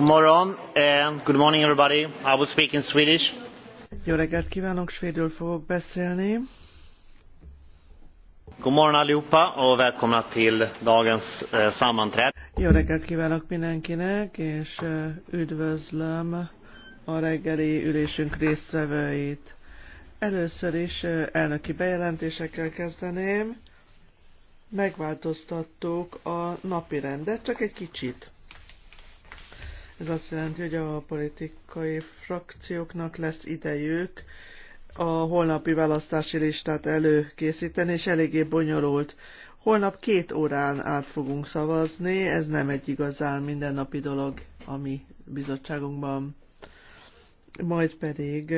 God Jó reggelt kívánok, svédül fogok beszélni. God morgon allihopa och välkomna till dagens eh, sammanträde. Jó reggelt kívánok mindenkinek, és eh, üdvözlöm a reggeli ülésünk résztvevőit. Először is eh, elnöki bejelentésekkel kezdeném. Megváltoztattuk a napi rendet, csak egy kicsit. Ez azt jelenti, hogy a politikai frakcióknak lesz idejük a holnapi választási listát előkészíteni, és eléggé bonyolult. Holnap két órán át fogunk szavazni, ez nem egy igazán mindennapi dolog a mi bizottságunkban. Majd pedig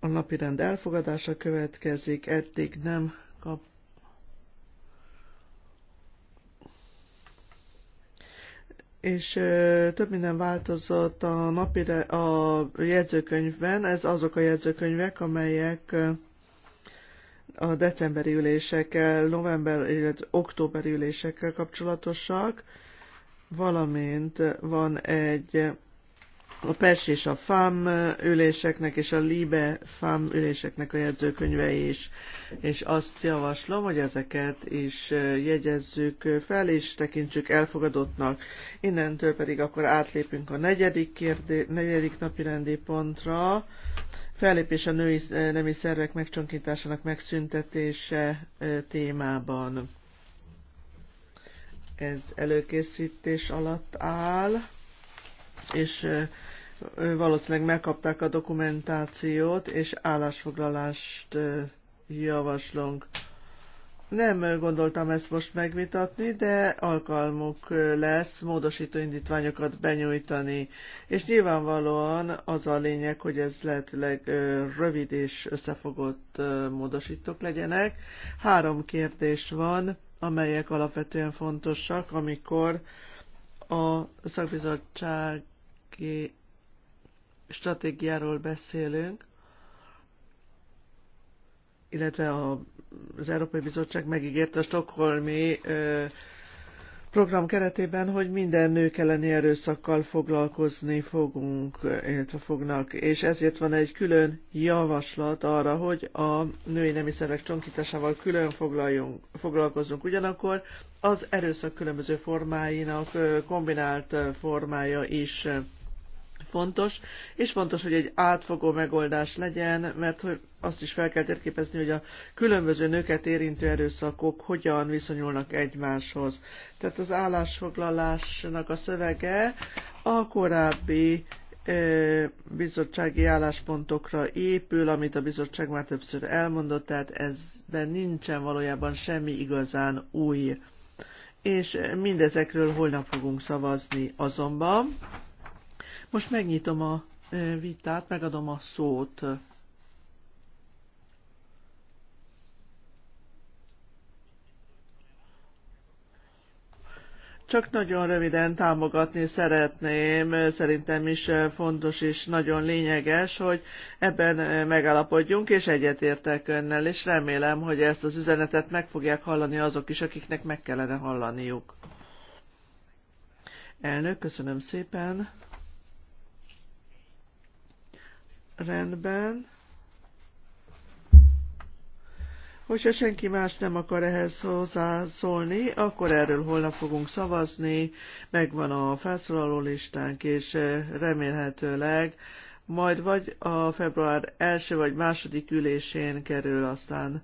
a napirend elfogadása következik, eddig nem és több minden változott a, napire, a jegyzőkönyvben. Ez azok a jegyzőkönyvek, amelyek a decemberi ülésekkel, november, illetve októberi ülésekkel kapcsolatosak, valamint van egy a PES és a FAM üléseknek és a LIBE FAM üléseknek a jegyzőkönyvei is, és azt javaslom, hogy ezeket is jegyezzük fel, és tekintsük elfogadottnak. Innentől pedig akkor átlépünk a negyedik, kérdé, negyedik napi rendi pontra. Fellépés a női nemi szervek megcsonkításának megszüntetése témában. Ez előkészítés alatt áll és valószínűleg megkapták a dokumentációt, és állásfoglalást javaslunk. Nem gondoltam ezt most megvitatni, de alkalmuk lesz módosító indítványokat benyújtani, és nyilvánvalóan az a lényeg, hogy ez lehetőleg rövid és összefogott módosítók legyenek. Három kérdés van, amelyek alapvetően fontosak, amikor a szakbizottsági stratégiáról beszélünk, illetve a, az Európai Bizottság megígérte a Stockholmi ö, program keretében, hogy minden nők elleni erőszakkal foglalkozni fogunk, illetve fognak, és ezért van egy külön javaslat arra, hogy a női nemi szervek csonkításával külön foglaljunk, foglalkozunk. Ugyanakkor az erőszak különböző formáinak kombinált formája is fontos, és fontos, hogy egy átfogó megoldás legyen, mert hogy azt is fel kell térképezni, hogy a különböző nőket érintő erőszakok hogyan viszonyulnak egymáshoz. Tehát az állásfoglalásnak a szövege a korábbi bizottsági álláspontokra épül, amit a bizottság már többször elmondott, tehát ezben nincsen valójában semmi igazán új. És mindezekről holnap fogunk szavazni azonban. Most megnyitom a vitát, megadom a szót. Csak nagyon röviden támogatni szeretném, szerintem is fontos és nagyon lényeges, hogy ebben megállapodjunk, és egyetértek önnel, és remélem, hogy ezt az üzenetet meg fogják hallani azok is, akiknek meg kellene hallaniuk. Elnök, köszönöm szépen. Rendben. Hogyha senki más nem akar ehhez hozzászólni, akkor erről holnap fogunk szavazni, megvan a felszólaló listánk, és eh, remélhetőleg majd vagy a február első vagy második ülésén kerül aztán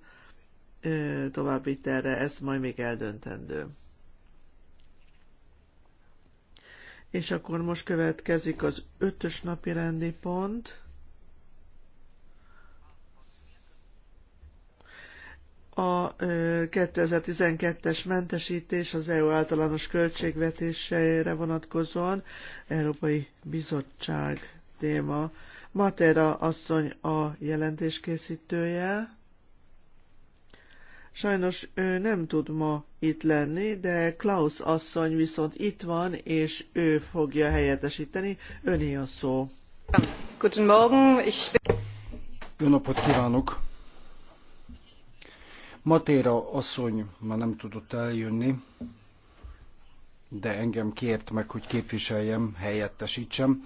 eh, további terre, ez majd még eldöntendő. És akkor most következik az ötös napi rendi pont. a 2012-es mentesítés az EU általános költségvetésére vonatkozóan Európai Bizottság téma. Matera asszony a jelentéskészítője. Sajnos ő nem tud ma itt lenni, de Klaus asszony viszont itt van, és ő fogja helyettesíteni. Öné a szó. Guten Morgen. Ich... Jó napot kívánok! Matéra asszony ma nem tudott eljönni, de engem kért meg, hogy képviseljem, helyettesítsem,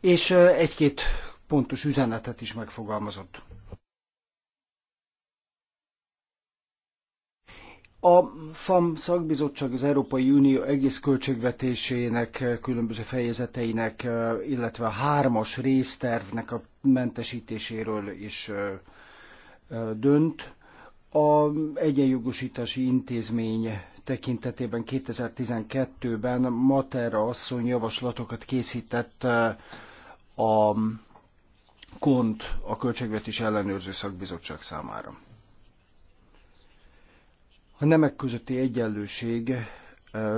és egy-két pontos üzenetet is megfogalmazott. A FAM szakbizottság az Európai Unió egész költségvetésének, különböző fejezeteinek, illetve a hármas résztervnek a mentesítéséről is dönt a egyenjogosítási intézmény tekintetében 2012-ben Matera asszony javaslatokat készített eh, a KONT, a Költségvetés Ellenőrző Szakbizottság számára. A nemek közötti egyenlőség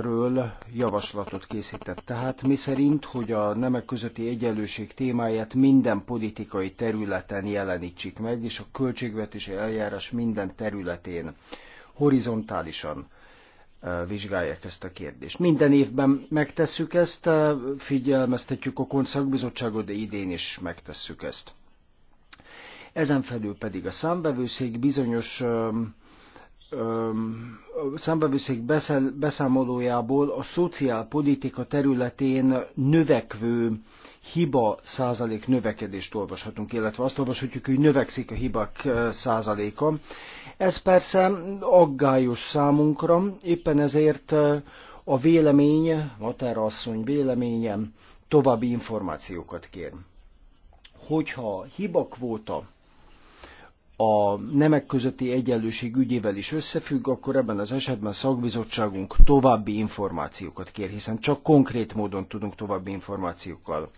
ről javaslatot készített. Tehát mi szerint, hogy a nemek közötti egyenlőség témáját minden politikai területen jelenítsük meg, és a költségvetési eljárás minden területén horizontálisan e, vizsgálják ezt a kérdést. Minden évben megtesszük ezt, e, figyelmeztetjük a konszakbizottságot, de idén is megtesszük ezt. Ezen felül pedig a számbevőszék bizonyos e, számbevőszék beszámolójából a szociálpolitika területén növekvő hiba százalék növekedést olvashatunk, illetve azt olvashatjuk, hogy növekszik a hibák százaléka. Ez persze aggályos számunkra, éppen ezért a vélemény, Matera asszony véleményem további információkat kér. Hogyha hibakvóta a nemek közötti egyenlőség ügyével is összefügg, akkor ebben az esetben szakbizottságunk további információkat kér, hiszen csak konkrét módon tudunk további információkkal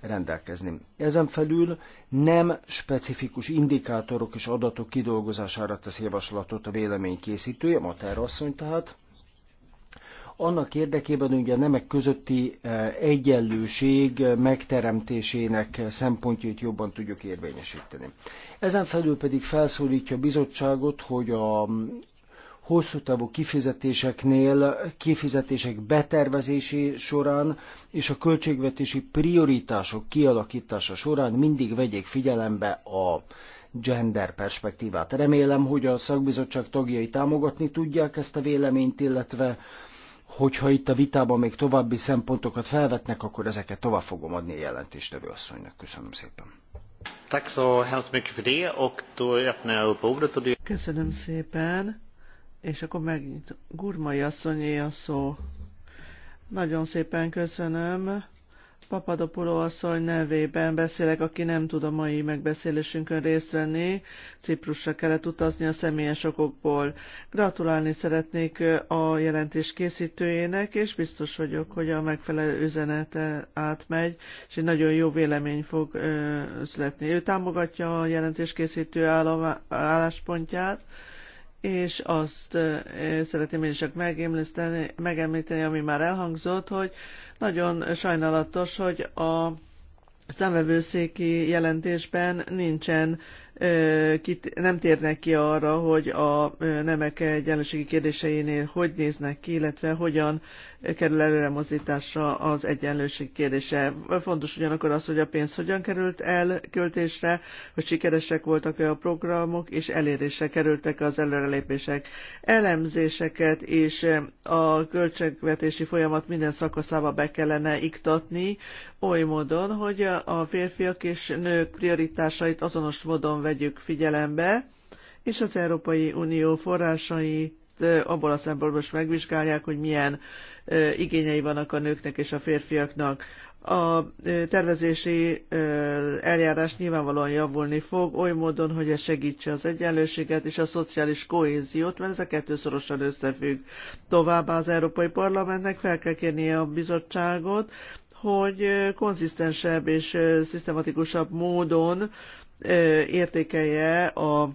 rendelkezni. Ezen felül nem specifikus indikátorok és adatok kidolgozására tesz javaslatot a véleménykészítője, Mater asszony tehát, annak érdekében, hogy a nemek közötti e, egyenlőség megteremtésének szempontjait jobban tudjuk érvényesíteni. Ezen felül pedig felszólítja a bizottságot, hogy a hosszú távú kifizetéseknél, kifizetések betervezési során és a költségvetési prioritások kialakítása során mindig vegyék figyelembe a gender perspektívát. Remélem, hogy a szakbizottság tagjai támogatni tudják ezt a véleményt, illetve hogyha itt a vitában még további szempontokat felvetnek, akkor ezeket tovább fogom adni a jelentéstevő asszonynak. Köszönöm szépen. Köszönöm szépen, és akkor megint Gurmai asszonyé a szó. Nagyon szépen köszönöm. Papadopoló asszony nevében beszélek, aki nem tud a mai megbeszélésünkön részt venni. Ciprusra kellett utazni a személyes okokból. Gratulálni szeretnék a jelentés készítőjének, és biztos vagyok, hogy a megfelelő üzenete átmegy, és egy nagyon jó vélemény fog születni. Ő támogatja a jelentés készítő álláspontját, és azt szeretném én is csak megemlíteni, megemlíteni, ami már elhangzott, hogy nagyon sajnálatos, hogy a szemvevőszéki jelentésben nincsen nem térnek ki arra, hogy a nemek egyenlőségi kérdéseinél hogy néznek ki, illetve hogyan kerül előremozdításra az egyenlőség kérdése. Fontos ugyanakkor az, hogy a pénz hogyan került el költésre, hogy sikeresek voltak-e a programok, és elérésre kerültek az előrelépések. Elemzéseket és a költségvetési folyamat minden szakaszába be kellene iktatni, oly módon, hogy a férfiak és nők prioritásait azonos módon vegyük figyelembe, és az Európai Unió forrásait abból a szempontból most megvizsgálják, hogy milyen igényei vannak a nőknek és a férfiaknak. A tervezési eljárás nyilvánvalóan javulni fog, oly módon, hogy ez segítse az egyenlőséget és a szociális kohéziót, mert ez a kettő szorosan összefügg. Továbbá az Európai Parlamentnek fel kell kérnie a bizottságot, hogy konzisztensebb és szisztematikusabb módon értékelje a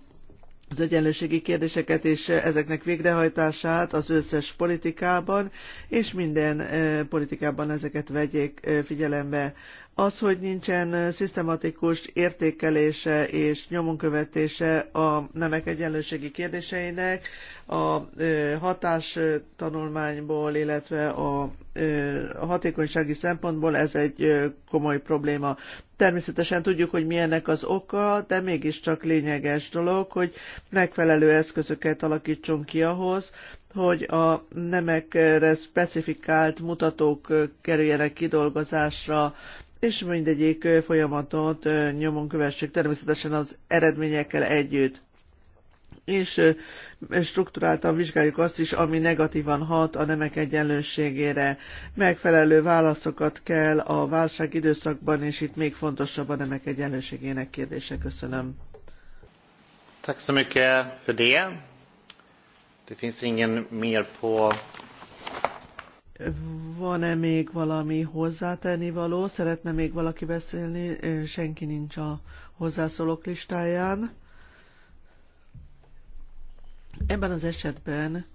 az egyenlőségi kérdéseket és ezeknek végrehajtását az összes politikában, és minden politikában ezeket vegyék figyelembe. Az, hogy nincsen szisztematikus értékelése és nyomonkövetése a nemek egyenlőségi kérdéseinek, a hatástanulmányból, illetve a hatékonysági szempontból ez egy komoly probléma. Természetesen tudjuk, hogy milyennek az oka, de mégiscsak lényeges dolog, hogy megfelelő eszközöket alakítsunk ki ahhoz, hogy a nemekre specifikált mutatók kerüljenek kidolgozásra, és mindegyik folyamatot nyomon kövessük természetesen az eredményekkel együtt és strukturáltan vizsgáljuk azt is, ami negatívan hat a nemek egyenlőségére. Megfelelő válaszokat kell a válság időszakban, és itt még fontosabb a nemek egyenlőségének kérdése. Köszönöm. Tack så mycket för det. Det finns ingen mer på... Van-e még valami hozzátenni való? Szeretne még valaki beszélni? Senki nincs a hozzászólók listáján. Ebben az esetben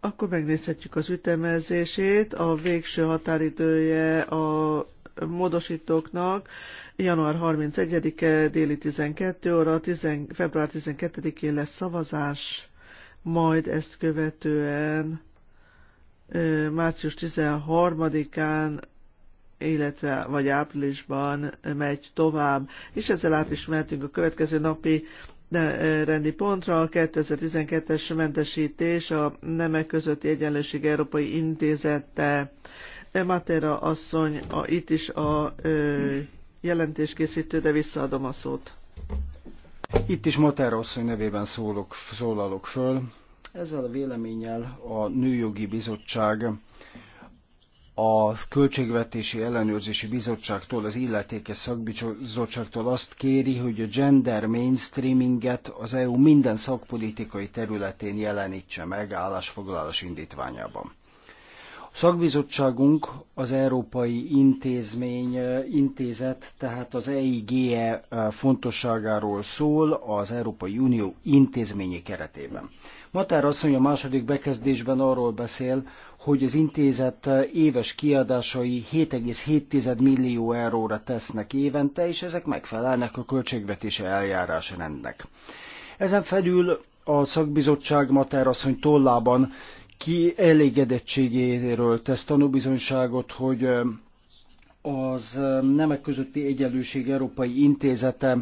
akkor megnézhetjük az ütemezését. A végső határidője a módosítóknak január 31-e déli 12 óra, 10, február 12-én lesz szavazás majd ezt követően március 13-án illetve vagy áprilisban megy tovább, és ezzel át is mehetünk a következő napi rendi pontra. A 2012-es mentesítés a Nemek közötti Egyenlőség Európai Intézete. E, Matera asszony a, itt is a ö, készítő, de visszaadom a szót. Itt is Mater asszony nevében szólok, szólalok föl. Ezzel a véleménnyel a Nőjogi Bizottság a Költségvetési Ellenőrzési Bizottságtól, az illetékes szakbizottságtól azt kéri, hogy a gender mainstreaminget az EU minden szakpolitikai területén jelenítse meg állásfoglalás indítványában. Szakbizottságunk az Európai Intézmény eh, Intézet, tehát az EIGE e, eh, fontosságáról szól az Európai Unió intézményi keretében. Matár asszony a második bekezdésben arról beszél, hogy az intézet eh, éves kiadásai 7,7 millió euróra tesznek évente, és ezek megfelelnek a költségvetési rendnek. Ezen felül a szakbizottság Matár asszony tollában ki elégedettségéről tesz tanúbizonyságot, hogy az Nemek közötti Egyenlőség Európai Intézete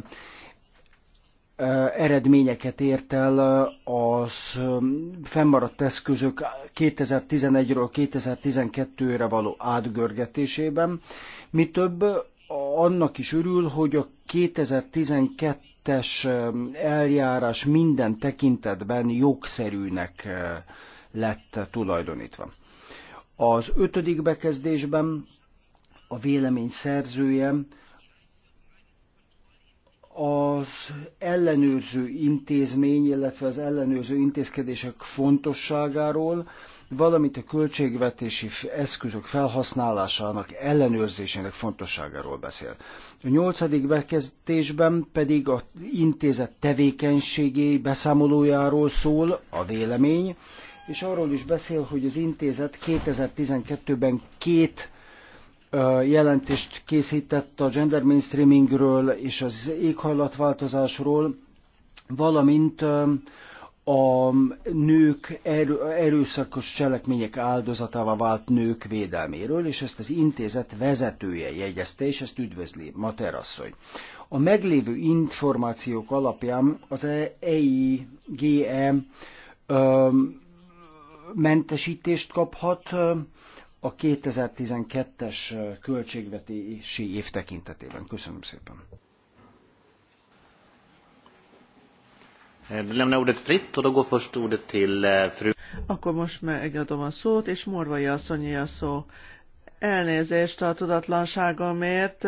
eredményeket ért el az fennmaradt eszközök 2011-ről 2012-re való átgörgetésében. Mi több, annak is örül, hogy a 2012-es eljárás minden tekintetben jogszerűnek lett tulajdonítva. Az ötödik bekezdésben a vélemény szerzője az ellenőrző intézmény, illetve az ellenőrző intézkedések fontosságáról, valamint a költségvetési eszközök felhasználásának ellenőrzésének fontosságáról beszél. A nyolcadik bekezdésben pedig az intézet tevékenységé beszámolójáról szól a vélemény, és arról is beszél, hogy az intézet 2012-ben két jelentést készített a gender mainstreamingről és az éghajlatváltozásról, valamint a nők erőszakos cselekmények áldozatává vált nők védelméről, és ezt az intézet vezetője jegyezte, és ezt üdvözli Materasszony. A meglévő információk alapján az EIGE mentesítést kaphat a 2012-es költségvetési év tekintetében. Köszönöm szépen. Eh, Lämna ordet fritt och då går först ordet till eh, fru. Akkor most megadom a szót, és Morvai asszonyi a szó. Elnézést a tudatlanságomért,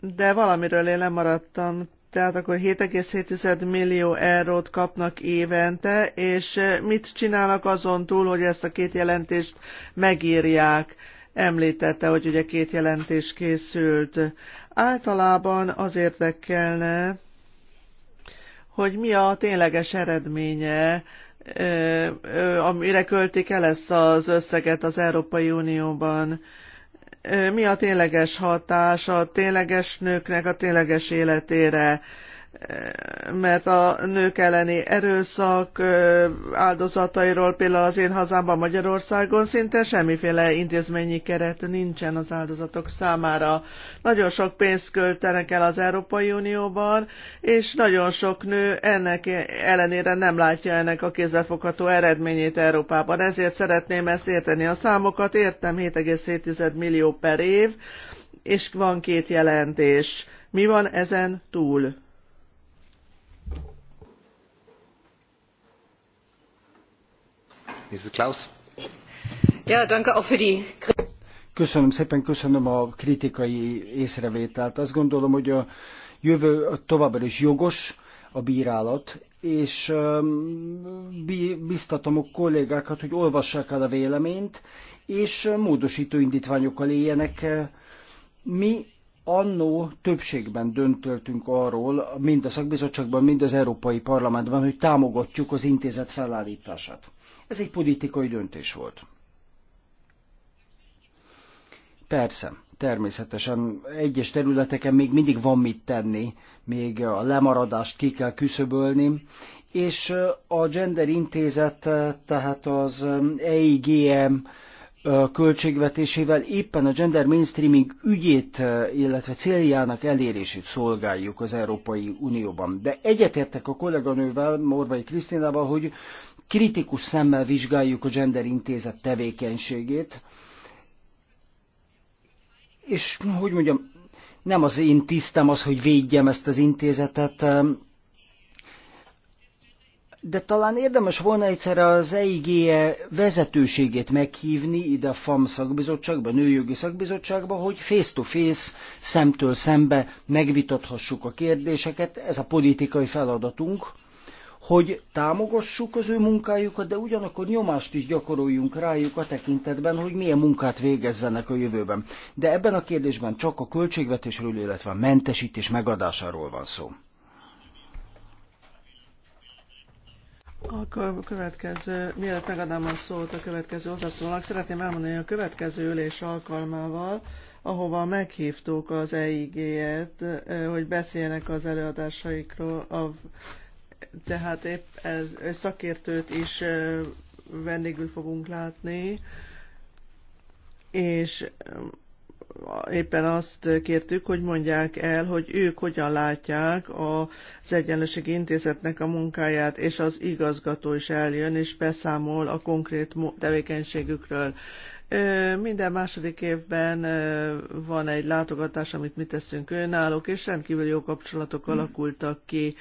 de valamiről én lemaradtam tehát akkor 7,7 millió eurót kapnak évente, és eh, mit csinálnak azon túl, hogy ezt a két jelentést megírják? Említette, hogy ugye két jelentés készült. Általában az érdekelne, hogy mi a tényleges eredménye, eh, eh, amire költik el ezt az összeget az Európai Unióban mi a tényleges hatás a tényleges nőknek a tényleges életére mert a nők elleni erőszak áldozatairól például az én hazámban Magyarországon szinte semmiféle intézményi keret nincsen az áldozatok számára. Nagyon sok pénzt költenek el az Európai Unióban, és nagyon sok nő ennek ellenére nem látja ennek a kézzelfogható eredményét Európában. Ezért szeretném ezt érteni. A számokat értem 7,7 millió per év, és van két jelentés. Mi van ezen túl? Köszönöm szépen, köszönöm a kritikai észrevételt. Azt gondolom, hogy a jövő továbbra is jogos a bírálat, és biztatom a kollégákat, hogy olvassák el a véleményt, és módosító indítványokkal éljenek. Mi annó többségben döntöttünk arról, mind a szakbizottságban, mind az Európai Parlamentben, hogy támogatjuk az intézet felállítását. Ez egy politikai döntés volt. Persze, természetesen egyes területeken még mindig van mit tenni, még a lemaradást ki kell küszöbölni, és a Gender Intézet, tehát az EIGM költségvetésével éppen a gender mainstreaming ügyét, illetve céljának elérését szolgáljuk az Európai Unióban. De egyetértek a kolléganővel, Morvai Krisztinával, hogy kritikus szemmel vizsgáljuk a Gender Intézet tevékenységét, és hogy mondjam, nem az én tisztem az, hogy védjem ezt az intézetet, de talán érdemes volna egyszerre az EIG -e vezetőségét meghívni ide a FAM szakbizottságba, nőjogi szakbizottságba, hogy face to -face, szemtől szembe megvitathassuk a kérdéseket, ez a politikai feladatunk hogy támogassuk az ő munkájukat, de ugyanakkor nyomást is gyakoroljunk rájuk a tekintetben, hogy milyen munkát végezzenek a jövőben. De ebben a kérdésben csak a költségvetésről, illetve a mentesítés megadásáról van szó. A következő, mielőtt megadám a szót a következő hozzászólónak, szeretném elmondani, hogy a következő ülés alkalmával, ahova meghívtuk az EIG-et, hogy beszéljenek az előadásaikról, a tehát épp ez, szakértőt is vendégül fogunk látni, és éppen azt kértük, hogy mondják el, hogy ők hogyan látják az Egyenlőségi Intézetnek a munkáját, és az igazgató is eljön, és beszámol a konkrét tevékenységükről. Minden második évben van egy látogatás, amit mi teszünk önállók, és rendkívül jó kapcsolatok alakultak ki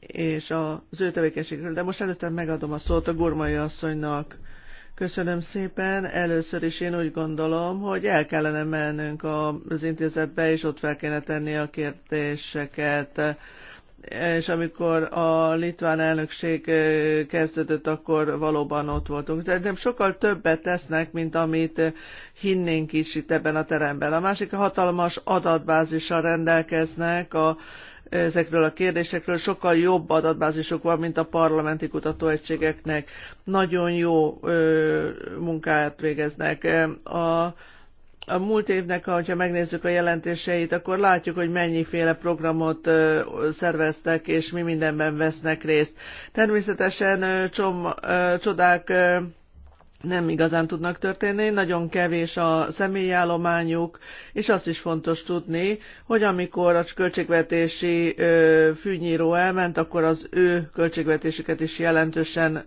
és az ő tevékenységről. De most előtte megadom a szót a Gurmai asszonynak. Köszönöm szépen. Először is én úgy gondolom, hogy el kellene mennünk az intézetbe, és ott fel kéne tenni a kérdéseket. És amikor a litván elnökség kezdődött, akkor valóban ott voltunk. De nem sokkal többet tesznek, mint amit hinnénk is itt ebben a teremben. A másik a hatalmas adatbázissal rendelkeznek a ezekről a kérdésekről, sokkal jobb adatbázisuk van, mint a parlamenti kutatóegységeknek. Nagyon jó ö, munkát végeznek. A, a múlt évnek, ha megnézzük a jelentéseit, akkor látjuk, hogy mennyiféle programot szerveztek, és mi mindenben vesznek részt. Természetesen csom, csodák nem igazán tudnak történni, nagyon kevés a személyállományuk, és azt is fontos tudni, hogy amikor a költségvetési ö, fűnyíró elment, akkor az ő költségvetésüket is jelentősen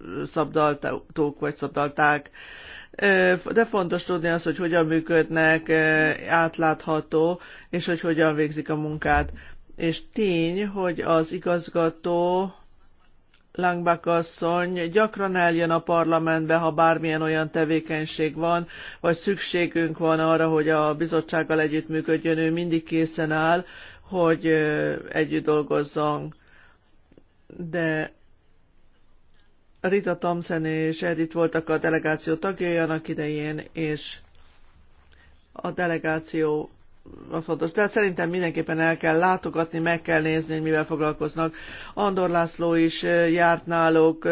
megszabdaltók vagy szabdalták. De fontos tudni azt, hogy hogyan működnek, átlátható, és hogy hogyan végzik a munkát. És tény, hogy az igazgató Langbach asszony gyakran eljön a parlamentbe, ha bármilyen olyan tevékenység van, vagy szükségünk van arra, hogy a bizottsággal együttműködjön, ő mindig készen áll, hogy együtt dolgozzon. De Rita Thompson és Edith voltak a delegáció tagjai annak idején, és a delegáció az fontos. Tehát szerintem mindenképpen el kell látogatni, meg kell nézni, hogy mivel foglalkoznak. Andor László is járt náluk,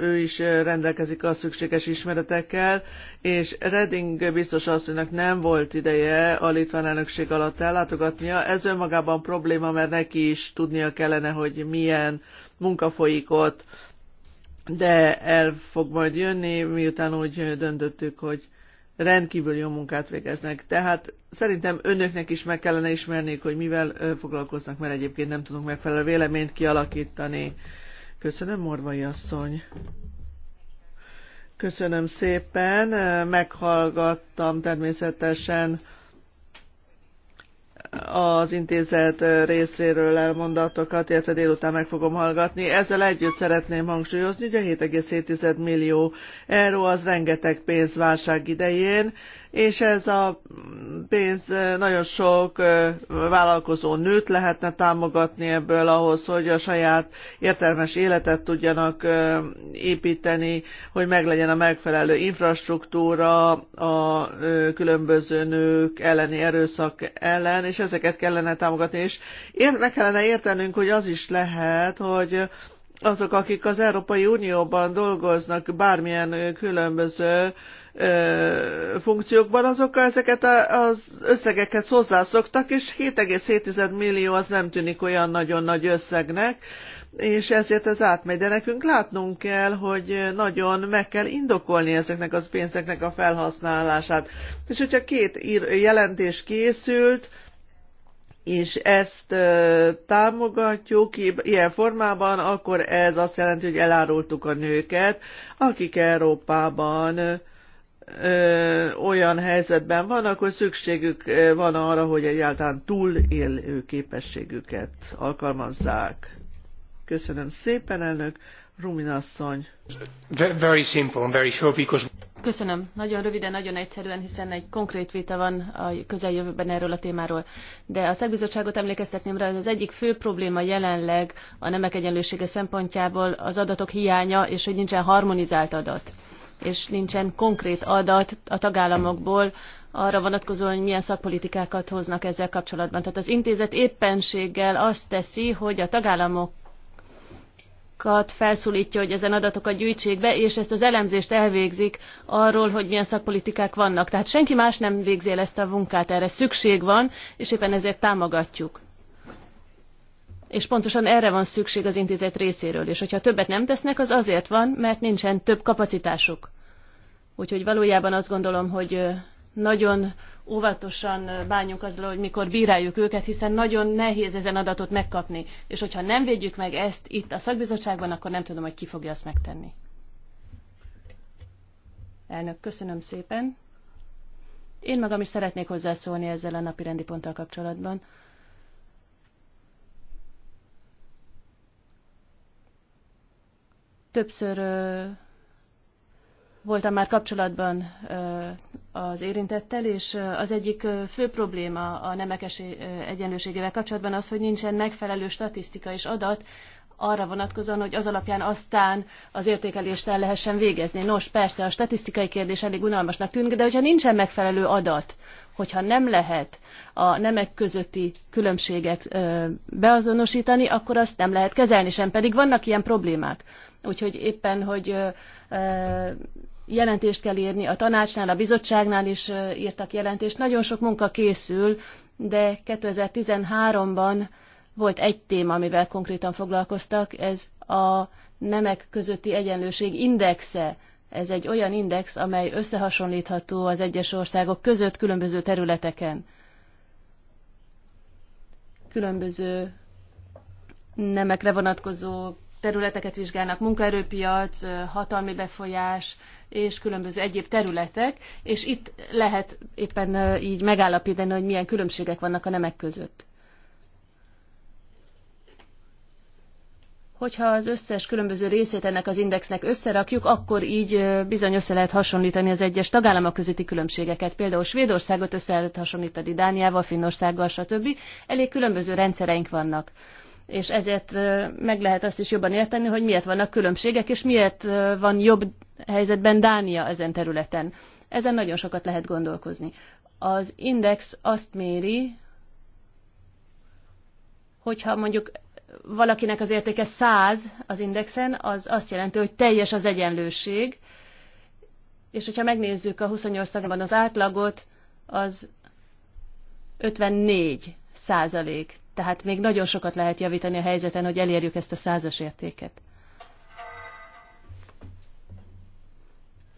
ő is rendelkezik a szükséges ismeretekkel, és Reding biztos asszonynak nem volt ideje a litván elnökség alatt ellátogatnia. Ez önmagában probléma, mert neki is tudnia kellene, hogy milyen munka folyik ott, de el fog majd jönni, miután úgy döntöttük, hogy rendkívül jó munkát végeznek. Tehát Szerintem önöknek is meg kellene ismerniük, hogy mivel foglalkoznak, mert egyébként nem tudunk megfelelő véleményt kialakítani. Köszönöm, Morvai asszony. Köszönöm szépen. Meghallgattam természetesen az intézet részéről elmondatokat, illetve délután meg fogom hallgatni. Ezzel együtt szeretném hangsúlyozni, hogy a 7,7 millió euró az rengeteg pénz válság idején, és ez a pénz nagyon sok vállalkozó nőt lehetne támogatni ebből ahhoz, hogy a saját értelmes életet tudjanak építeni, hogy meglegyen a megfelelő infrastruktúra a különböző nők elleni erőszak ellen, és ezeket kellene támogatni, és meg kellene értenünk, hogy az is lehet, hogy azok, akik az Európai Unióban dolgoznak bármilyen különböző ö, funkciókban, azok ezeket a, az összegekhez hozzászoktak, és 7,7 millió az nem tűnik olyan nagyon nagy összegnek, és ezért ez átmegy. De nekünk látnunk kell, hogy nagyon meg kell indokolni ezeknek az pénzeknek a felhasználását. És hogyha két jelentés készült, és ezt támogatjuk ilyen formában, akkor ez azt jelenti, hogy elárultuk a nőket, akik Európában ö, olyan helyzetben van, akkor szükségük van arra, hogy egyáltalán túlélő képességüket alkalmazzák. Köszönöm szépen, elnök. Ruminasszony. Very simple and very because... Köszönöm. Nagyon röviden, nagyon egyszerűen, hiszen egy konkrét vita van a közeljövőben erről a témáról. De a szakbizottságot emlékeztetném rá, hogy az egyik fő probléma jelenleg a nemek egyenlősége szempontjából az adatok hiánya, és hogy nincsen harmonizált adat és nincsen konkrét adat a tagállamokból arra vonatkozóan, hogy milyen szakpolitikákat hoznak ezzel kapcsolatban. Tehát az intézet éppenséggel azt teszi, hogy a tagállamok felszólítja, hogy ezen adatokat gyűjtsék be, és ezt az elemzést elvégzik arról, hogy milyen szakpolitikák vannak. Tehát senki más nem végzi el ezt a munkát, erre szükség van, és éppen ezért támogatjuk. És pontosan erre van szükség az intézet részéről. És hogyha többet nem tesznek, az azért van, mert nincsen több kapacitásuk. Úgyhogy valójában azt gondolom, hogy nagyon óvatosan bánjuk azzal, hogy mikor bíráljuk őket, hiszen nagyon nehéz ezen adatot megkapni. És hogyha nem védjük meg ezt itt a szakbizottságban, akkor nem tudom, hogy ki fogja azt megtenni. Elnök, köszönöm szépen. Én magam is szeretnék hozzászólni ezzel a napi rendi ponttal kapcsolatban. Többször voltam már kapcsolatban az érintettel, és az egyik fő probléma a nemekes egyenlőségével kapcsolatban az, hogy nincsen megfelelő statisztika és adat arra vonatkozóan, hogy az alapján aztán az értékelést el lehessen végezni. Nos, persze a statisztikai kérdés elég unalmasnak tűnik, de hogyha nincsen megfelelő adat, hogyha nem lehet a nemek közötti különbséget beazonosítani, akkor azt nem lehet kezelni sem, pedig vannak ilyen problémák. Úgyhogy éppen, hogy jelentést kell írni a tanácsnál, a bizottságnál is írtak jelentést. Nagyon sok munka készül, de 2013-ban volt egy téma, amivel konkrétan foglalkoztak, ez a nemek közötti egyenlőség indexe. Ez egy olyan index, amely összehasonlítható az egyes országok között különböző területeken. Különböző nemekre vonatkozó területeket vizsgálnak, munkaerőpiac, hatalmi befolyás és különböző egyéb területek, és itt lehet éppen így megállapítani, hogy milyen különbségek vannak a nemek között. Hogyha az összes különböző részét ennek az indexnek összerakjuk, akkor így bizony össze lehet hasonlítani az egyes tagállamok közötti különbségeket. Például Svédországot össze lehet hasonlítani Dániával, Finnországgal, stb. Elég különböző rendszereink vannak és ezért meg lehet azt is jobban érteni, hogy miért vannak különbségek, és miért van jobb helyzetben Dánia ezen területen. Ezen nagyon sokat lehet gondolkozni. Az index azt méri, hogyha mondjuk valakinek az értéke 100 az indexen, az azt jelenti, hogy teljes az egyenlőség, és hogyha megnézzük a 28 tagban az átlagot, az 54 százalék. Tehát még nagyon sokat lehet javítani a helyzeten, hogy elérjük ezt a százas értéket.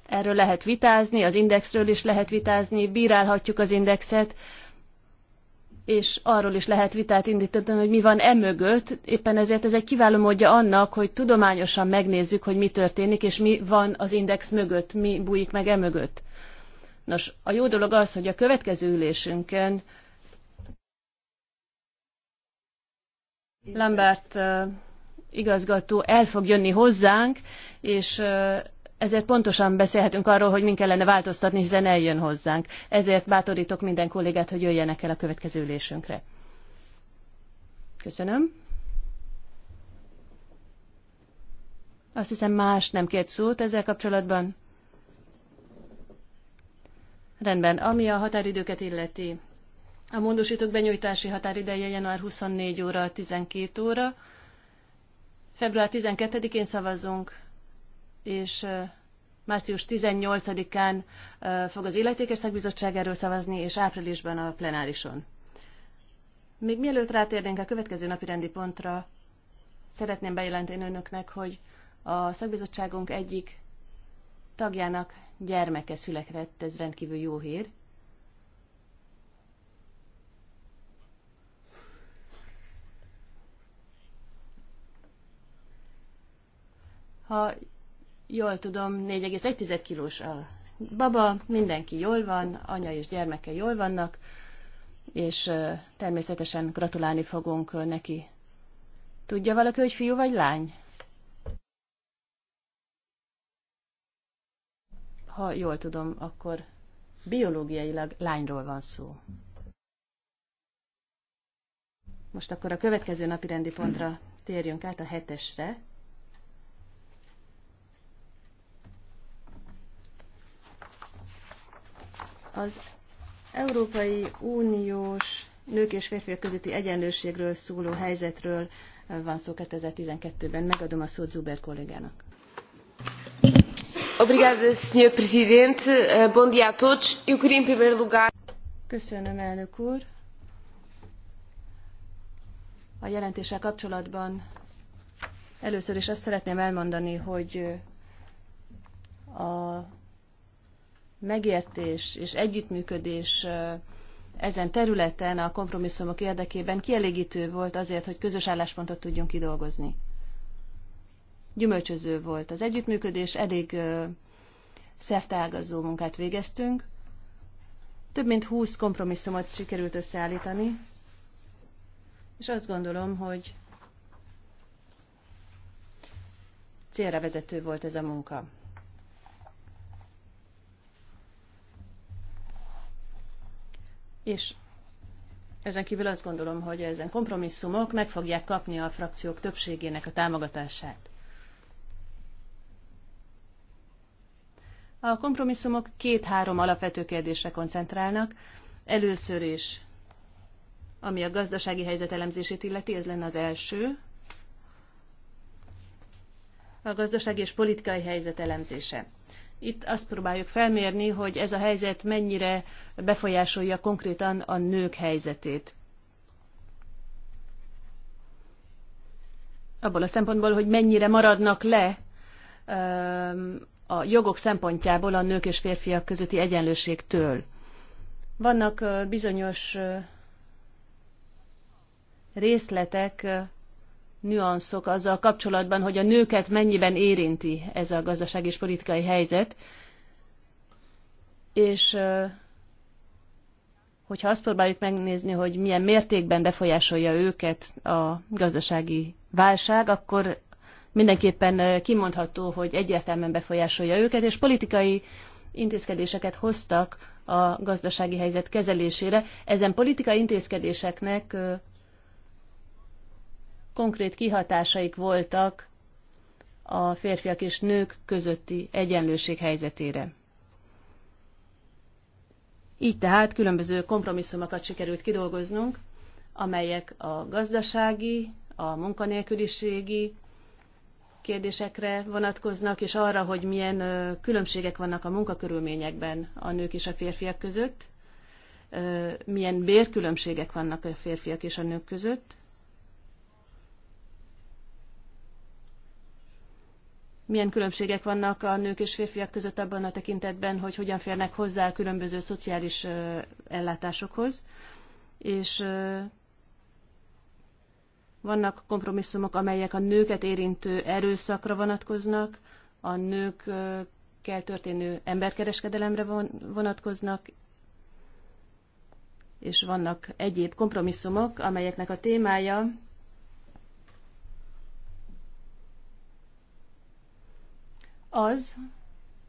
Erről lehet vitázni, az indexről is lehet vitázni, bírálhatjuk az indexet, és arról is lehet vitát indítani, hogy mi van emögött. Éppen ezért ez egy kiváló módja annak, hogy tudományosan megnézzük, hogy mi történik, és mi van az index mögött, mi bújik meg emögött. Nos, a jó dolog az, hogy a következő ülésünkön Lambert igazgató el fog jönni hozzánk, és ezért pontosan beszélhetünk arról, hogy min kellene változtatni, hiszen eljön hozzánk. Ezért bátorítok minden kollégát, hogy jöjjenek el a következő ülésünkre. Köszönöm. Azt hiszem más nem kért szót ezzel kapcsolatban. Rendben, ami a határidőket illeti. A módosítók benyújtási határideje január 24 óra 12 óra. Február 12-én szavazunk, és március 18-án fog az illetékes szakbizottság erről szavazni, és áprilisban a plenárison. Még mielőtt rátérnénk a következő napi rendi pontra, szeretném bejelenteni önöknek, hogy a szakbizottságunk egyik tagjának gyermeke született, ez rendkívül jó hír. ha jól tudom, 4,1 kilós a baba, mindenki jól van, anya és gyermeke jól vannak, és természetesen gratulálni fogunk neki. Tudja valaki, hogy fiú vagy lány? Ha jól tudom, akkor biológiailag lányról van szó. Most akkor a következő napi rendi pontra térjünk át a hetesre. Az Európai Uniós nők és férfiak közötti egyenlőségről szóló helyzetről van szó 2012-ben. Megadom a szót Zuber kollégának. Obrigada, Presidente. Eh, bom dia a todos. Eu queria, em primeiro lugar... Köszönöm, elnök úr. A jelentéssel kapcsolatban először is azt szeretném elmondani, hogy a megértés és együttműködés ezen területen a kompromisszumok érdekében kielégítő volt azért, hogy közös álláspontot tudjunk kidolgozni. Gyümölcsöző volt az együttműködés, elég szerteágazó munkát végeztünk. Több mint 20 kompromisszumot sikerült összeállítani, és azt gondolom, hogy célra vezető volt ez a munka. És ezen kívül azt gondolom, hogy ezen kompromisszumok meg fogják kapni a frakciók többségének a támogatását. A kompromisszumok két-három alapvető kérdésre koncentrálnak. Először is, ami a gazdasági helyzet elemzését illeti, ez lenne az első. A gazdasági és politikai helyzet elemzése. Itt azt próbáljuk felmérni, hogy ez a helyzet mennyire befolyásolja konkrétan a nők helyzetét. Abból a szempontból, hogy mennyire maradnak le a jogok szempontjából a nők és férfiak közötti egyenlőségtől. Vannak bizonyos részletek nüanszok azzal kapcsolatban, hogy a nőket mennyiben érinti ez a gazdaság és politikai helyzet. És hogyha azt próbáljuk megnézni, hogy milyen mértékben befolyásolja őket a gazdasági válság, akkor mindenképpen kimondható, hogy egyértelműen befolyásolja őket, és politikai intézkedéseket hoztak a gazdasági helyzet kezelésére. Ezen politikai intézkedéseknek konkrét kihatásaik voltak a férfiak és nők közötti egyenlőség helyzetére. Így tehát különböző kompromisszumokat sikerült kidolgoznunk, amelyek a gazdasági, a munkanélküliségi kérdésekre vonatkoznak, és arra, hogy milyen különbségek vannak a munkakörülményekben a nők és a férfiak között, milyen bérkülönbségek vannak a férfiak és a nők között, milyen különbségek vannak a nők és férfiak között abban a tekintetben, hogy hogyan férnek hozzá a különböző szociális ellátásokhoz, és vannak kompromisszumok, amelyek a nőket érintő erőszakra vonatkoznak, a nőkkel történő emberkereskedelemre vonatkoznak, és vannak egyéb kompromisszumok, amelyeknek a témája az,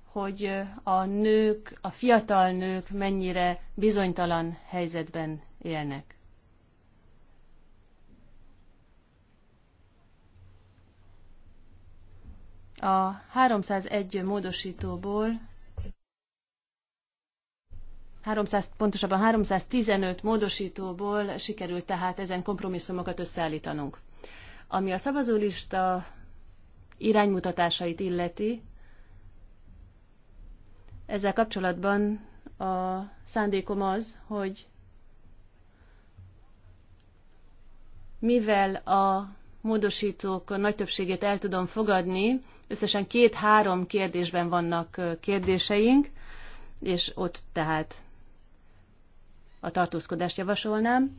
hogy a nők, a fiatal nők mennyire bizonytalan helyzetben élnek. A 301 módosítóból 300, pontosabban 315 módosítóból sikerült tehát ezen kompromisszumokat összeállítanunk. Ami a szavazólista iránymutatásait illeti, ezzel kapcsolatban a szándékom az, hogy mivel a módosítók nagy többségét el tudom fogadni, összesen két-három kérdésben vannak kérdéseink, és ott tehát a tartózkodást javasolnám.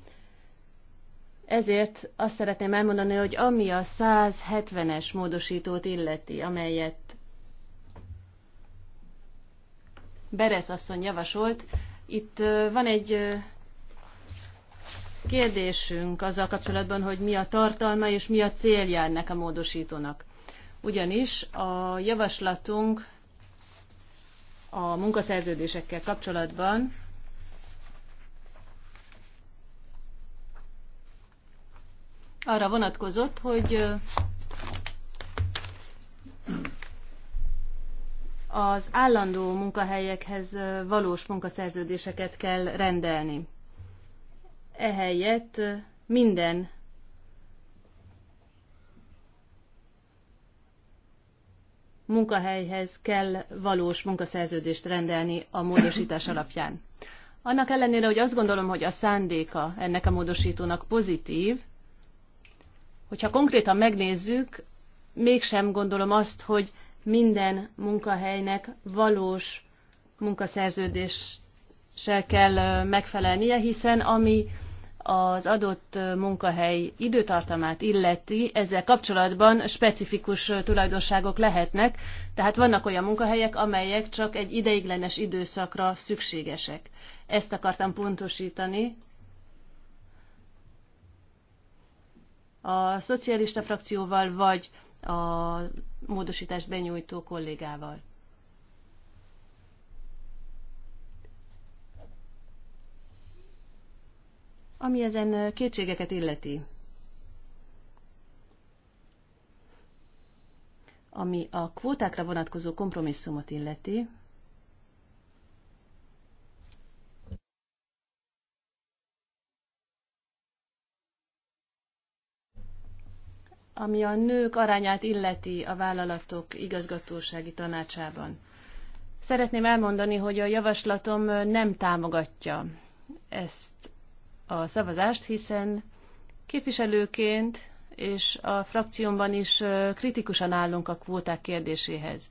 Ezért azt szeretném elmondani, hogy ami a 170-es módosítót illeti, amelyet Berez asszony javasolt. Itt van egy kérdésünk azzal kapcsolatban, hogy mi a tartalma és mi a célja ennek a módosítónak. Ugyanis a javaslatunk a munkaszerződésekkel kapcsolatban arra vonatkozott, hogy az állandó munkahelyekhez valós munkaszerződéseket kell rendelni. Ehelyett minden munkahelyhez kell valós munkaszerződést rendelni a módosítás alapján. Annak ellenére, hogy azt gondolom, hogy a szándéka ennek a módosítónak pozitív, hogyha konkrétan megnézzük, mégsem gondolom azt, hogy minden munkahelynek valós munkaszerződéssel kell megfelelnie, hiszen ami az adott munkahely időtartamát illeti, ezzel kapcsolatban specifikus tulajdonságok lehetnek, tehát vannak olyan munkahelyek, amelyek csak egy ideiglenes időszakra szükségesek. Ezt akartam pontosítani. A szocialista frakcióval vagy a módosítást benyújtó kollégával. Ami ezen kétségeket illeti, ami a kvótákra vonatkozó kompromisszumot illeti, ami a nők arányát illeti a vállalatok igazgatósági tanácsában. Szeretném elmondani, hogy a javaslatom nem támogatja ezt a szavazást, hiszen képviselőként és a frakciómban is kritikusan állunk a kvóták kérdéséhez.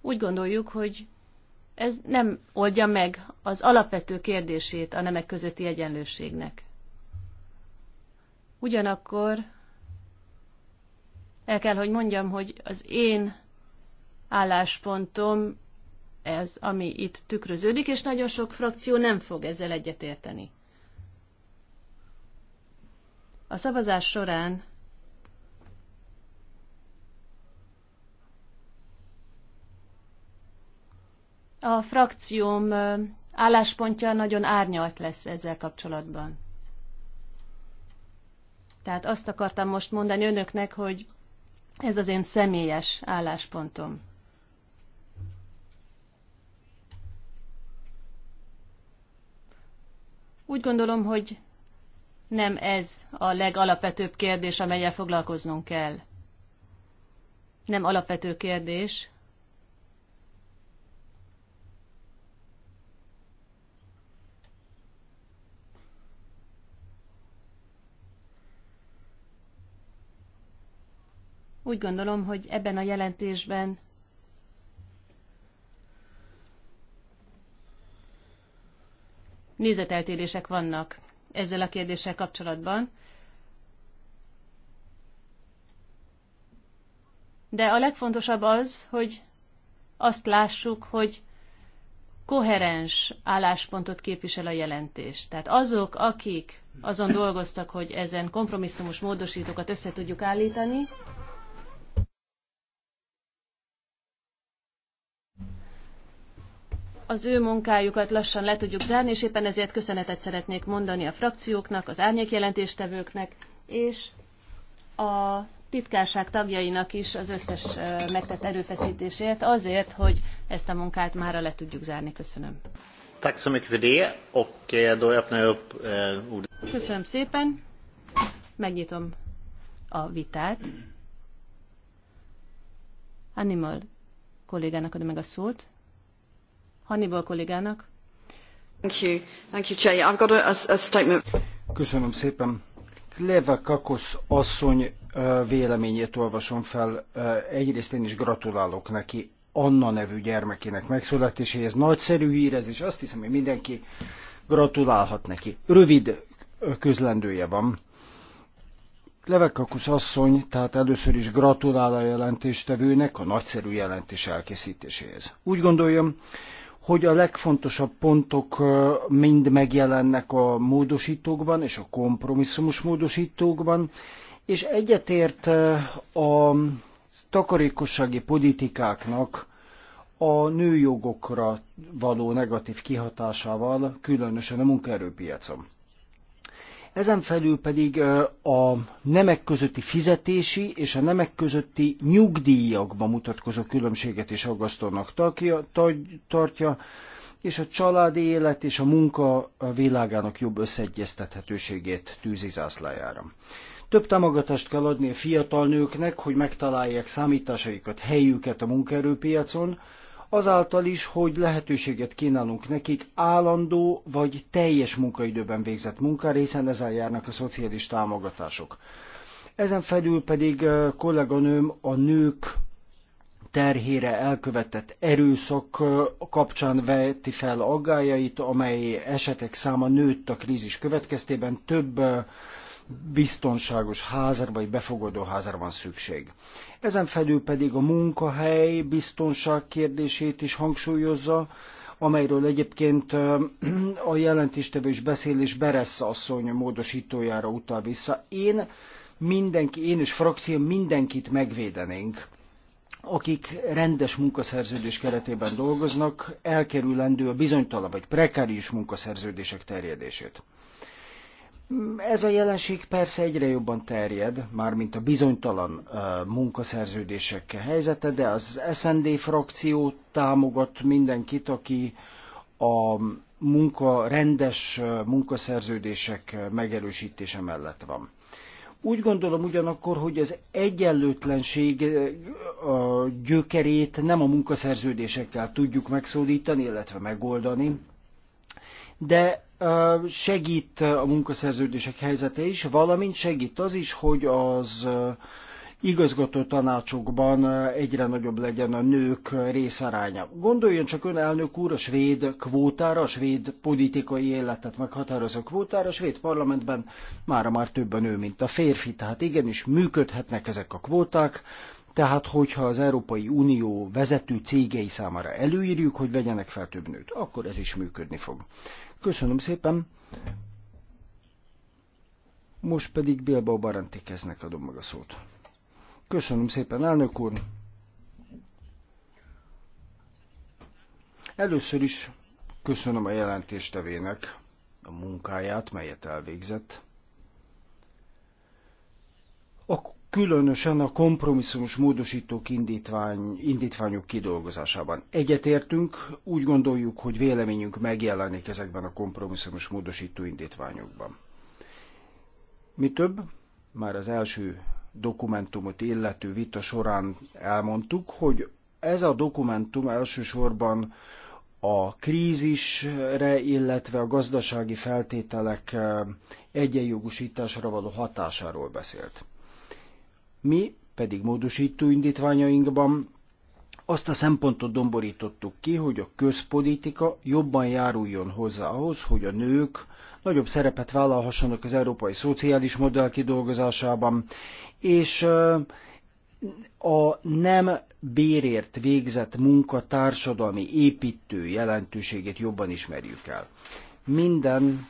Úgy gondoljuk, hogy ez nem oldja meg az alapvető kérdését a nemek közötti egyenlőségnek. Ugyanakkor el kell, hogy mondjam, hogy az én álláspontom ez, ami itt tükröződik, és nagyon sok frakció nem fog ezzel egyetérteni. A szavazás során a frakcióm álláspontja nagyon árnyalt lesz ezzel kapcsolatban. Tehát azt akartam most mondani önöknek, hogy ez az én személyes álláspontom. Úgy gondolom, hogy nem ez a legalapvetőbb kérdés, amelyel foglalkoznunk kell. Nem alapvető kérdés, Úgy gondolom, hogy ebben a jelentésben nézeteltérések vannak ezzel a kérdéssel kapcsolatban. De a legfontosabb az, hogy azt lássuk, hogy koherens álláspontot képvisel a jelentés. Tehát azok, akik azon dolgoztak, hogy ezen kompromisszumos módosítókat össze tudjuk állítani, az ő munkájukat lassan le tudjuk zárni, és éppen ezért köszönetet szeretnék mondani a frakcióknak, az árnyékjelentéstevőknek, és a titkárság tagjainak is az összes megtett erőfeszítésért, azért, hogy ezt a munkát mára le tudjuk zárni. Köszönöm. Eh, eh, Köszönöm szépen. Megnyitom a vitát. Animal kollégának adom meg a szót. Hannibal kollégának. Thank you. Thank you, Jay. I've got a, a statement. Köszönöm szépen. Leva Kakos asszony véleményét olvasom fel. Egyrészt én is gratulálok neki Anna nevű gyermekének megszületéséhez. Nagyszerű hír ez, és azt hiszem, hogy mindenki gratulálhat neki. Rövid közlendője van. Levekakusz asszony tehát először is gratulál a jelentéstevőnek a nagyszerű jelentés elkészítéséhez. Úgy gondoljam, hogy a legfontosabb pontok mind megjelennek a módosítókban és a kompromisszumos módosítókban, és egyetért a takarékossági politikáknak a nőjogokra való negatív kihatásával, különösen a munkaerőpiacon. Ezen felül pedig a nemek közötti fizetési és a nemek közötti nyugdíjakban mutatkozó különbséget is aggasztónak tartja, és a családi élet és a munka világának jobb összeegyeztethetőségét tűzi zászlájára. Több támogatást kell adni a fiatal nőknek, hogy megtalálják számításaikat, helyüket a munkaerőpiacon, azáltal is, hogy lehetőséget kínálunk nekik állandó vagy teljes munkaidőben végzett munkára, hiszen ezzel járnak a szociális támogatások. Ezen felül pedig kolléganőm a nők terhére elkövetett erőszak kapcsán veti fel aggájait, amely esetek száma nőtt a krízis következtében. Több biztonságos házra vagy befogadó házra van szükség. Ezen felül pedig a munkahely biztonság kérdését is hangsúlyozza, amelyről egyébként a jelentéstevő is beszél, és Beressa asszony módosítójára utal vissza. Én mindenki, én és frakció mindenkit megvédenénk, akik rendes munkaszerződés keretében dolgoznak, elkerülendő a bizonytalan vagy prekárius munkaszerződések terjedését. Ez a jelenség persze egyre jobban terjed, mármint a bizonytalan munkaszerződésekkel helyzete, de az SND frakció támogat mindenkit, aki a munka, rendes munkaszerződések megerősítése mellett van. Úgy gondolom ugyanakkor, hogy az egyenlőtlenség a gyökerét nem a munkaszerződésekkel tudjuk megszólítani, illetve megoldani, de segít a munkaszerződések helyzete is, valamint segít az is, hogy az igazgató tanácsokban egyre nagyobb legyen a nők részaránya. Gondoljon csak ön elnök úr a svéd kvótára, a svéd politikai életet meghatározó kvótára, a svéd parlamentben mára már több a nő, mint a férfi, tehát igenis működhetnek ezek a kvóták, tehát hogyha az Európai Unió vezető cégei számára előírjuk, hogy vegyenek fel több nőt, akkor ez is működni fog. Köszönöm szépen. Most pedig Bilbao Barantikeznek adom meg a szót. Köszönöm szépen, elnök úr. Először is köszönöm a jelentéstevének a munkáját, melyet elvégzett. A különösen a kompromisszumos módosítók indítvány, indítványok kidolgozásában. Egyetértünk, úgy gondoljuk, hogy véleményünk megjelenik ezekben a kompromisszumos módosító indítványokban. Mi több, már az első dokumentumot illető vita során elmondtuk, hogy ez a dokumentum elsősorban a krízisre, illetve a gazdasági feltételek eh, egyenjogosításra való hatásáról beszélt. Mi pedig módosító indítványainkban azt a szempontot domborítottuk ki, hogy a közpolitika jobban járuljon hozzá ahhoz, hogy a nők nagyobb szerepet vállalhassanak az európai szociális modell kidolgozásában, és a nem bérért végzett munka társadalmi építő jelentőségét jobban ismerjük el. Minden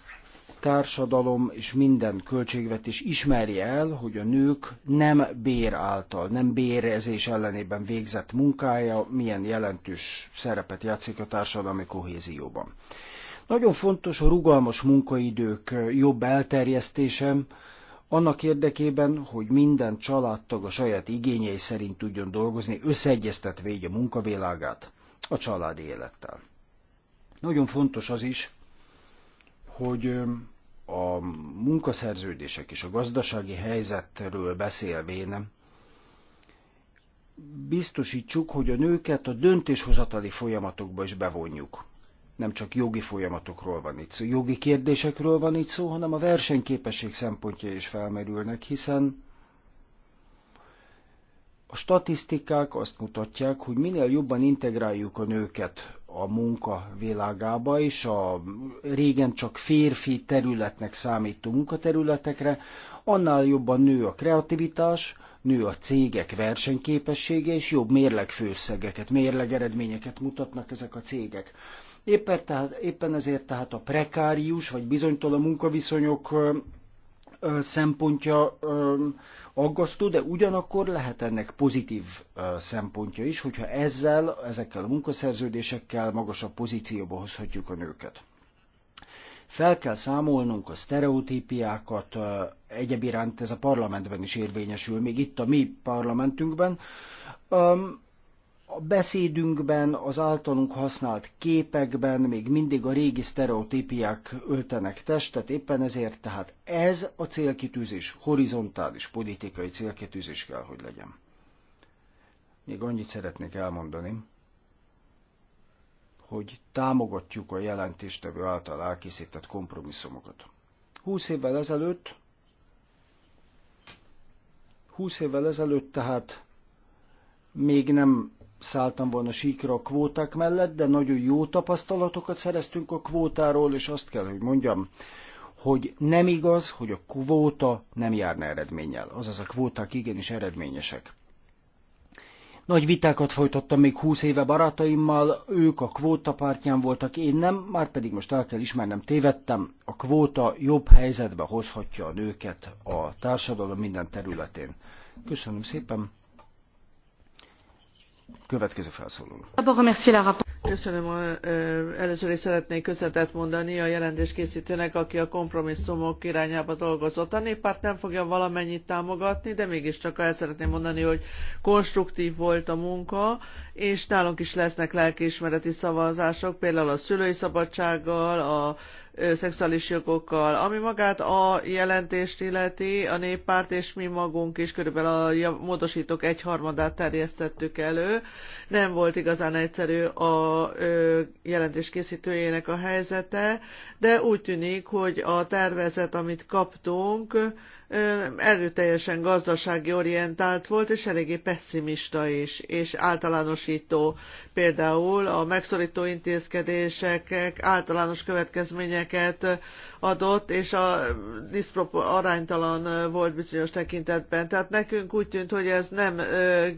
társadalom és minden költségvetés ismerje el, hogy a nők nem bér által, nem bérezés ellenében végzett munkája milyen jelentős szerepet játszik a társadalmi kohézióban. Nagyon fontos a rugalmas munkaidők jobb elterjesztése, annak érdekében, hogy minden családtag a saját igényei szerint tudjon dolgozni, összeegyeztetve így a munkavilágát a családi élettel. Nagyon fontos az is, hogy a munkaszerződések és a gazdasági helyzetről beszélvén biztosítsuk, hogy a nőket a döntéshozatali folyamatokba is bevonjuk. Nem csak jogi folyamatokról van itt szó, jogi kérdésekről van itt szó, hanem a versenyképesség szempontja is felmerülnek, hiszen a statisztikák azt mutatják, hogy minél jobban integráljuk a nőket a munka világába, is a régen csak férfi területnek számító munkaterületekre, annál jobban nő a kreativitás, nő a cégek versenyképessége, és jobb mérlegfőszegeket, mérlegeredményeket mutatnak ezek a cégek. Éppen, tehát, éppen ezért tehát a prekárius vagy bizonytalan munkaviszonyok szempontja aggasztó, de ugyanakkor lehet ennek pozitív szempontja is, hogyha ezzel, ezekkel a munkaszerződésekkel magasabb pozícióba hozhatjuk a nőket. Fel kell számolnunk a sztereotípiákat, egyéb iránt ez a parlamentben is érvényesül, még itt a mi parlamentünkben a beszédünkben, az általunk használt képekben még mindig a régi sztereotípiák öltenek testet, éppen ezért tehát ez a célkitűzés, horizontális politikai célkitűzés kell, hogy legyen. Még annyit szeretnék elmondani, hogy támogatjuk a jelentéstevő által elkészített kompromisszumokat. Húsz évvel ezelőtt, húsz évvel ezelőtt tehát még nem szálltam volna síkra a kvóták mellett, de nagyon jó tapasztalatokat szereztünk a kvótáról, és azt kell, hogy mondjam, hogy nem igaz, hogy a kvóta nem járna eredménnyel. Azaz a kvóták igenis eredményesek. Nagy vitákat folytattam még húsz éve barátaimmal, ők a kvóta pártján voltak, én nem, már pedig most el kell ismernem, tévedtem, a kvóta jobb helyzetbe hozhatja a nőket a társadalom minden területén. Köszönöm szépen! Következő felszólaló. Köszönöm, először is szeretnék köszönetet mondani a jelentés készítőnek, aki a kompromisszumok irányába dolgozott. A néppárt nem fogja valamennyit támogatni, de mégiscsak el szeretném mondani, hogy konstruktív volt a munka, és nálunk is lesznek lelkiismereti szavazások, például a szülői szabadsággal, a szexuális jogokkal. Ami magát a jelentést illeti, a néppárt és mi magunk is körülbelül a módosítók egyharmadát terjesztettük elő, nem volt igazán egyszerű a jelentés készítőjének a helyzete, de úgy tűnik, hogy a tervezet, amit kaptunk, erőteljesen gazdasági orientált volt, és eléggé pessimista is, és általánosító. Például a megszorító intézkedések általános következményeket adott, és a diszpropo aránytalan volt bizonyos tekintetben. Tehát nekünk úgy tűnt, hogy ez nem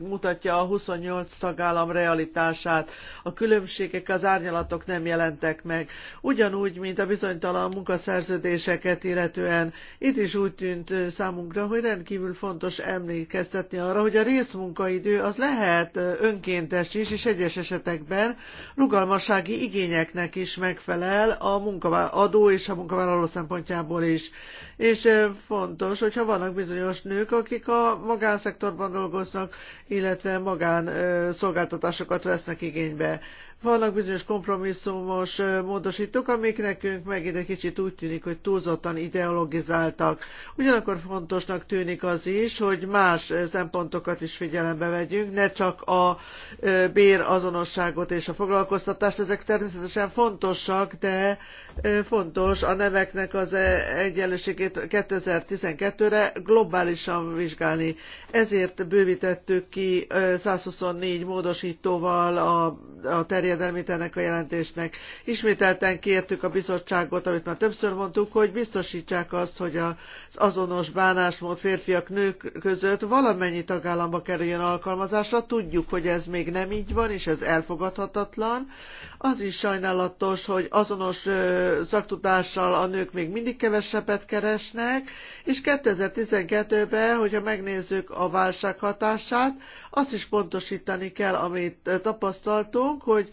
mutatja a 28 tagállam realitását. A különbségek, az árnyalatok nem jelentek meg. Ugyanúgy, mint a bizonytalan munkaszerződéseket illetően, itt is úgy tűnt számunkra, hogy rendkívül fontos emlékeztetni arra, hogy a részmunkaidő az lehet önkéntes is, és egyes esetekben rugalmassági igényeknek is megfelel a munkaadó és a munkavállaló szempontjából is. És fontos, hogyha vannak bizonyos nők, akik a magánszektorban dolgoznak, illetve magán szolgáltatásokat vesznek igénybe. Vannak bizonyos kompromisszumos módosítók, amik nekünk megint egy kicsit úgy tűnik, hogy túlzottan ideologizáltak. Ugyanakkor fontosnak tűnik az is, hogy más szempontokat is figyelembe vegyünk, ne csak a bér azonosságot és a foglalkoztatást, ezek természetesen fontosak, de fontos a neveknek az egyenlőségét 2012-re globálisan vizsgálni. Ezért bővítettük ki 124 módosítóval a, a terjét terjedelmét ennek a jelentésnek. Ismételten kértük a bizottságot, amit már többször mondtuk, hogy biztosítsák azt, hogy az azonos bánásmód férfiak nők között valamennyi tagállamba kerüljön alkalmazásra. Tudjuk, hogy ez még nem így van, és ez elfogadhatatlan. Az is sajnálatos, hogy azonos szaktudással a nők még mindig kevesebbet keresnek, és 2012-ben, hogyha megnézzük a válság hatását, azt is pontosítani kell, amit tapasztaltunk, hogy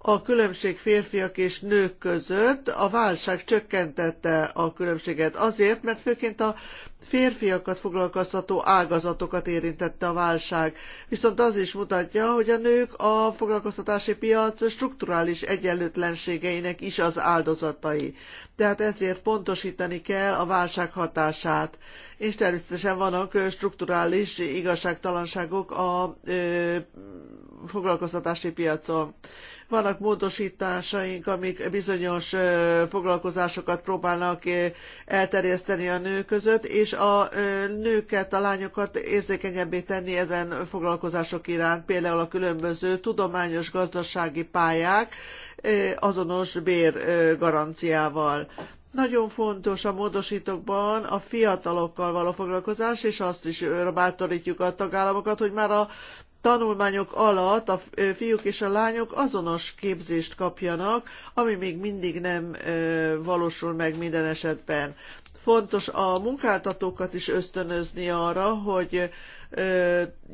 a különbség férfiak és nők között a válság csökkentette a különbséget azért, mert főként a férfiakat foglalkoztató ágazatokat érintette a válság. Viszont az is mutatja, hogy a nők a foglalkoztatási piac strukturális egyenlőtlenségeinek is az áldozatai. Tehát ezért pontosítani kell a válság hatását. És természetesen vannak strukturális igazságtalanságok a ö, foglalkoztatási piacon. Van vannak módosításaink, amik bizonyos foglalkozásokat próbálnak elterjeszteni a nők között, és a nőket, a lányokat érzékenyebbé tenni ezen foglalkozások iránt, például a különböző tudományos gazdasági pályák azonos bérgaranciával. Nagyon fontos a módosítókban a fiatalokkal való foglalkozás, és azt is bátorítjuk a tagállamokat, hogy már a tanulmányok alatt a fiúk és a lányok azonos képzést kapjanak, ami még mindig nem valósul meg minden esetben. Fontos a munkáltatókat is ösztönözni arra, hogy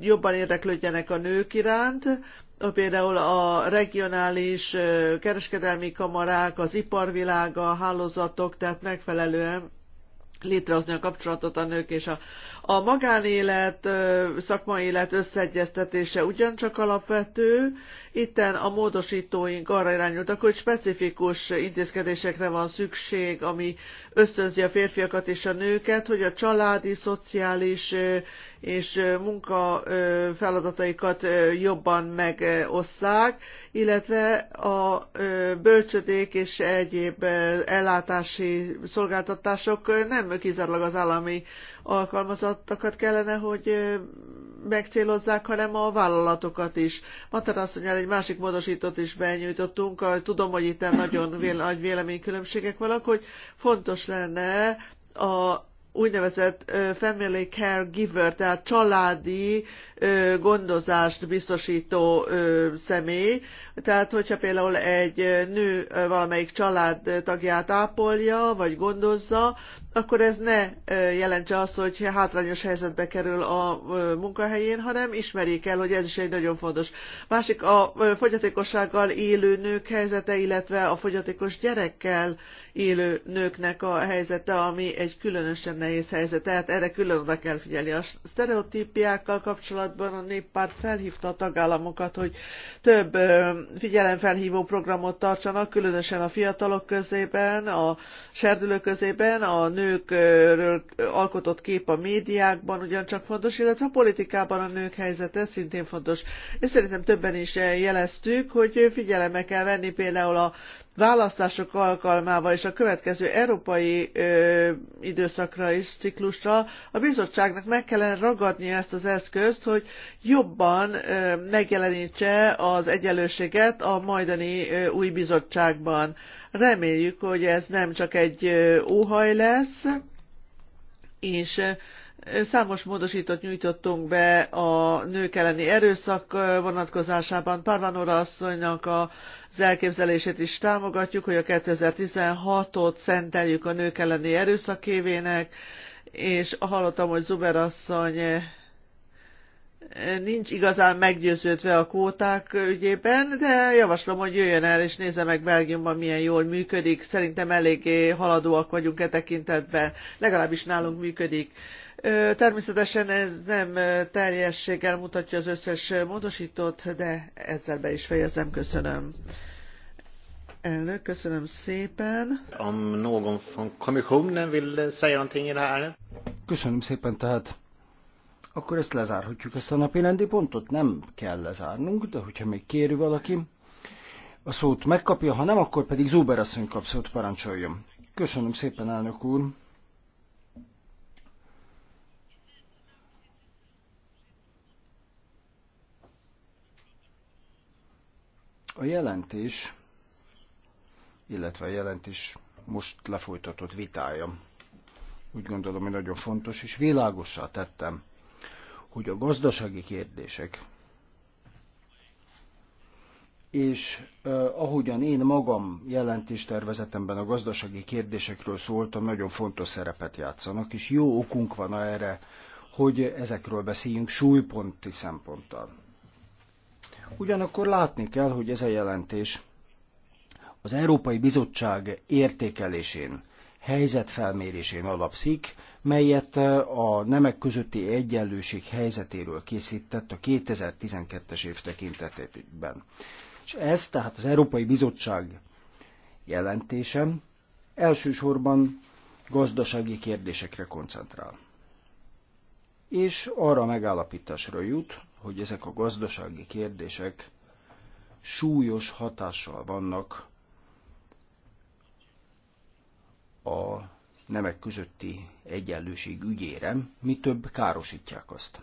jobban érdeklődjenek a nők iránt, például a regionális kereskedelmi kamarák, az iparvilága, a hálózatok, tehát megfelelően létrehozni a kapcsolatot a nők és a a magánélet, szakmai élet összeegyeztetése ugyancsak alapvető. Itten a módosítóink arra irányultak, hogy specifikus intézkedésekre van szükség, ami ösztönzi a férfiakat és a nőket, hogy a családi, szociális és munka feladataikat jobban megosszák, illetve a bölcsödék és egyéb ellátási szolgáltatások nem kizárólag az állami alkalmazottakat kellene, hogy megcélozzák, hanem a vállalatokat is. Mater asszonyára egy másik módosítót is benyújtottunk, tudom, hogy itt nagyon nagy véleménykülönbségek vannak, hogy fontos lenne a úgynevezett family care giver, tehát családi gondozást biztosító személy, tehát, hogyha például egy nő valamelyik család tagját ápolja, vagy gondozza, akkor ez ne jelentse azt, hogy hátrányos helyzetbe kerül a munkahelyén, hanem ismerjék el, hogy ez is egy nagyon fontos. Másik a fogyatékossággal élő nők helyzete, illetve a fogyatékos gyerekkel élő nőknek a helyzete, ami egy különösen nehéz helyzet. Tehát erre külön oda kell figyelni. A sztereotípiákkal kapcsolatban a néppárt felhívta a tagállamokat, hogy több figyelemfelhívó programot tartsanak, különösen a fiatalok közében, a serdülők közében, a nőkről alkotott kép a médiákban ugyancsak fontos, illetve a politikában a nők helyzete szintén fontos. És szerintem többen is jeleztük, hogy figyelembe kell venni például a választások alkalmával és a következő európai ö, időszakra és ciklusra a bizottságnak meg kellene ragadni ezt az eszközt, hogy jobban ö, megjelenítse az egyenlőséget a majdani ö, új bizottságban. Reméljük, hogy ez nem csak egy ö, óhaj lesz, és Számos módosítót nyújtottunk be a nők elleni erőszak vonatkozásában. Parvanora asszonynak az elképzelését is támogatjuk, hogy a 2016-ot szenteljük a nők elleni erőszakévének, és hallottam, hogy Zuber asszony nincs igazán meggyőződve a kvóták ügyében, de javaslom, hogy jöjjön el és nézze meg Belgiumban milyen jól működik. Szerintem eléggé haladóak vagyunk e tekintetben, legalábbis nálunk működik Természetesen ez nem teljességgel mutatja az összes módosítót, de ezzel be is fejezem. Köszönöm. Elnök, köszönöm szépen. Am någon från kommissionen vill eh, säga någonting i det här Köszönöm szépen, tehát akkor ezt lezárhatjuk, ezt a napi rendi pontot nem kell lezárnunk, de hogyha még kéri valaki, a szót megkapja, ha nem, akkor pedig Zuber asszony kap szót, parancsoljon. Köszönöm szépen, elnök úr. A jelentés, illetve a jelentés most lefolytatott vitája úgy gondolom, hogy nagyon fontos, és világossá tettem, hogy a gazdasági kérdések, és eh, ahogyan én magam jelentéstervezetemben a gazdasági kérdésekről szóltam, nagyon fontos szerepet játszanak, és jó okunk van erre, hogy ezekről beszéljünk súlyponti szemponttal. Ugyanakkor látni kell, hogy ez a jelentés az Európai Bizottság értékelésén, helyzetfelmérésén alapszik, melyet eh, a nemek közötti egyenlőség helyzetéről készített a 2012-es év tekintetében. És ez tehát az Európai Bizottság jelentése elsősorban gazdasági kérdésekre koncentrál. És arra megállapításra jut, hogy ezek a gazdasági kérdések súlyos hatással vannak a nemek közötti egyenlőség ügyére, mi több károsítják azt.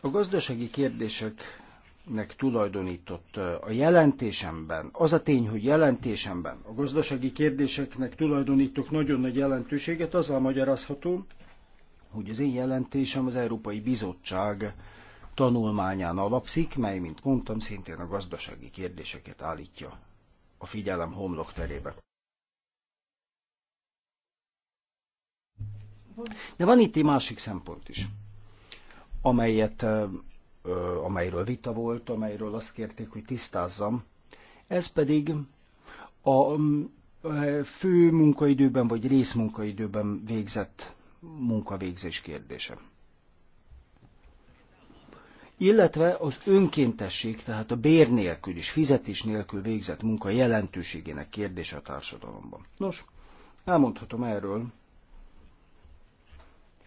A gazdasági kérdéseknek tulajdonított a jelentésemben, az a tény, hogy jelentésemben a gazdasági kérdéseknek tulajdonítok nagyon nagy jelentőséget, azzal magyarázható, hogy az én jelentésem az Európai Bizottság tanulmányán alapszik, mely, mint mondtam, szintén a gazdasági kérdéseket állítja a figyelem homlok terébe. De van itt egy másik szempont is, amelyet, amelyről vita volt, amelyről azt kérték, hogy tisztázzam. Ez pedig a fő munkaidőben vagy részmunkaidőben végzett munkavégzés kérdése. Illetve az önkéntesség, tehát a bér nélkül és fizetés nélkül végzett munka jelentőségének kérdése a társadalomban. Nos, elmondhatom erről,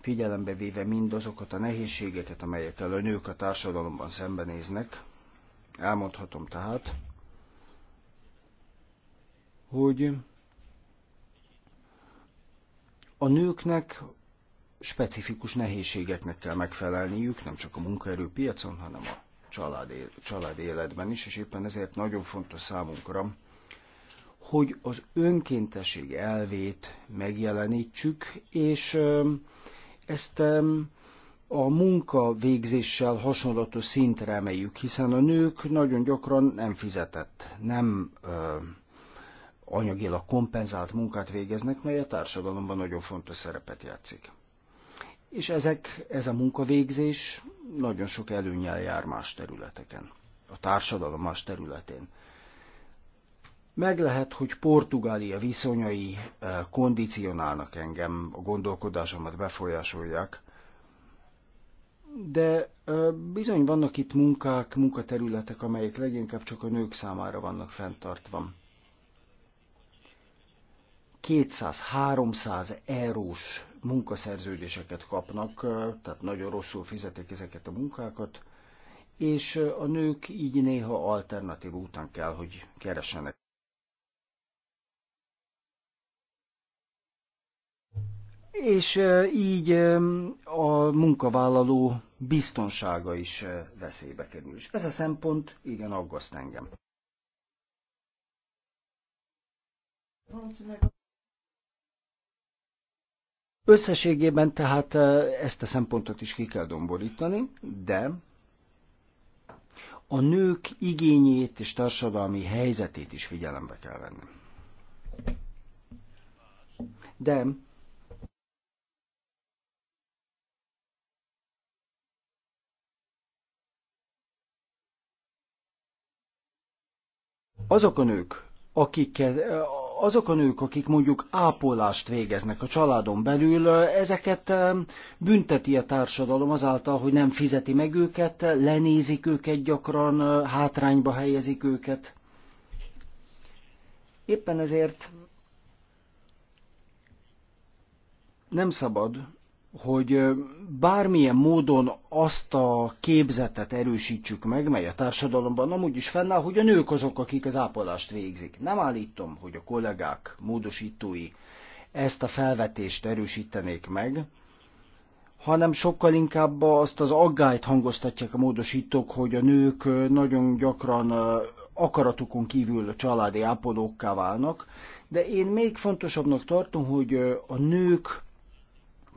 figyelembe véve mindazokat a nehézségeket, amelyekkel a nők a társadalomban szembenéznek, elmondhatom tehát, hogy a nőknek specifikus nehézségeknek kell megfelelniük, nem csak a munkaerőpiacon, hanem a család, család életben is, és éppen ezért nagyon fontos számunkra, hogy az önkéntesség elvét megjelenítsük, és ezt a munka végzéssel hasonlatos szintre emeljük, hiszen a nők nagyon gyakran nem fizetett, nem anyagilag kompenzált munkát végeznek, mely a társadalomban nagyon fontos szerepet játszik és ezek, ez a munkavégzés nagyon sok előnyel jár más területeken, a társadalom más területén. Meg lehet, hogy Portugália viszonyai eh, kondicionálnak engem, a gondolkodásomat befolyásolják, de eh, bizony vannak itt munkák, munkaterületek, amelyek leginkább csak a nők számára vannak fenntartva. 200-300 eurós munkaszerződéseket kapnak, tehát nagyon rosszul fizetik ezeket a munkákat, és a nők így néha alternatív úton kell, hogy keresenek. És így a munkavállaló biztonsága is veszélybe kerül. És ez a szempont igen aggaszt engem. Valószínűleg Összességében tehát ezt a szempontot is ki kell domborítani, de a nők igényét és társadalmi helyzetét is figyelembe kell venni. De azok a nők, akik, eh, azok a nők, akik mondjuk ápolást végeznek a családon belül, eh, ezeket eh, bünteti a társadalom azáltal, hogy nem fizeti meg őket, lenézik őket gyakran, hátrányba helyezik őket. Éppen ezért nem szabad, hogy bármilyen módon azt a képzetet erősítsük meg, mely a társadalomban amúgy is fennáll, hogy a nők azok, akik az ápolást végzik. Nem állítom, hogy a kollégák, módosítói ezt a felvetést erősítenék meg, hanem sokkal inkább azt az aggályt hangoztatják a módosítók, hogy a nők nagyon gyakran akaratukon kívül a családi ápolókká válnak, de én még fontosabbnak tartom, hogy a nők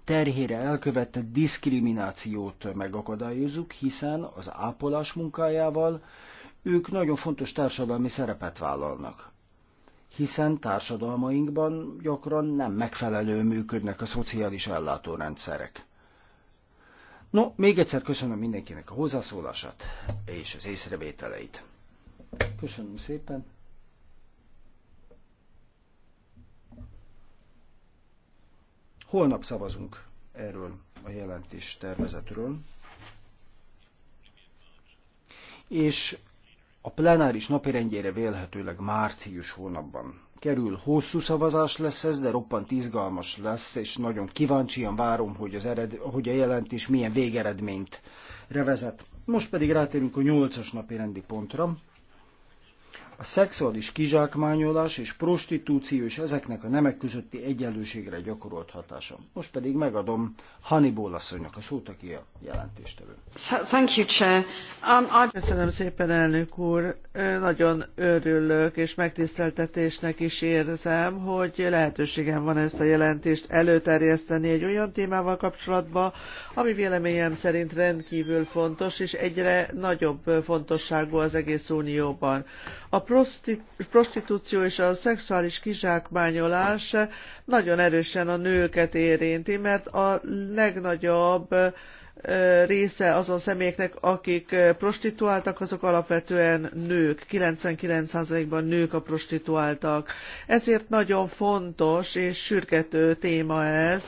terhére elkövetett diszkriminációt megakadályozzuk, hiszen az ápolás munkájával ők nagyon fontos társadalmi szerepet vállalnak. Hiszen társadalmainkban gyakran nem megfelelő működnek a szociális ellátórendszerek. No, még egyszer köszönöm mindenkinek a hozzászólását és az észrevételeit. Köszönöm szépen! Holnap szavazunk erről a jelentés tervezetről. És a plenáris napirendjére vélhetőleg március hónapban kerül. Hosszú szavazás lesz ez, de roppant izgalmas lesz, és nagyon kíváncsian várom, hogy, az ered, hogy a jelentés milyen végeredményt revezet. Most pedig rátérünk a nyolcas napi rendi pontra, a szexuális kizsákmányolás és prostitúció és ezeknek a nemek közötti egyenlőségre gyakorolt hatása. Most pedig megadom Hannibal asszonynak a szót, aki a jelentéstevő. Thank you, Chair. Um, I... Köszönöm szépen, elnök úr. Nagyon örülök, és megtiszteltetésnek is érzem, hogy lehetőségem van ezt a jelentést előterjeszteni egy olyan témával kapcsolatban, ami véleményem szerint rendkívül fontos, és egyre nagyobb fontosságú az egész Unióban. A prostitúció és a szexuális kizsákmányolás nagyon erősen a nőket érinti, mert a legnagyobb része azon személyeknek, akik prostituáltak, azok alapvetően nők. 99%-ban nők a prostituáltak. Ezért nagyon fontos és sürgető téma ez,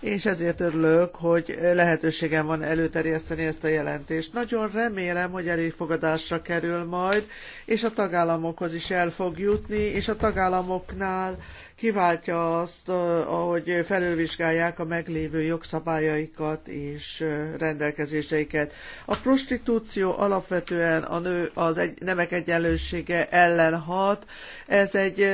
és ezért örülök, hogy lehetőségem van előterjeszteni ezt a jelentést. Nagyon remélem, hogy elfogadásra kerül majd, és a tagállamokhoz is el fog jutni, és a tagállamoknál kiváltja azt, ahogy felülvizsgálják a meglévő jogszabályaikat és rendelkezéseiket. A prostitúció alapvetően a nő az egy, nemek egyenlősége ellen hat. Ez egy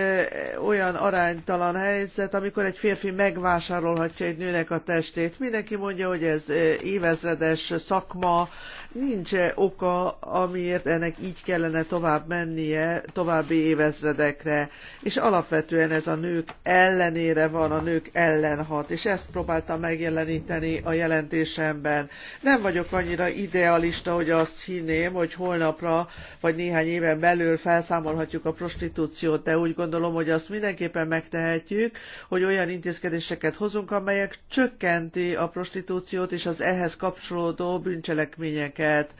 olyan aránytalan helyzet, amikor egy férfi megvásárolhatja egy nőnek a testét. Mindenki mondja, hogy ez évezredes szakma, Nincs oka, amiért ennek így kellene tovább mennie további évezredekre, és alapvetően ez a nők ellenére van, a nők ellen hat, és ezt próbáltam megjeleníteni a jelentésemben. Nem vagyok annyira idealista, hogy azt hinném, hogy holnapra vagy néhány éven belül felszámolhatjuk a prostitúciót, de úgy gondolom, hogy azt mindenképpen megtehetjük, hogy olyan intézkedéseket hozunk, amelyek csökkenti a prostitúciót és az ehhez kapcsolódó bűncselekmények területeket,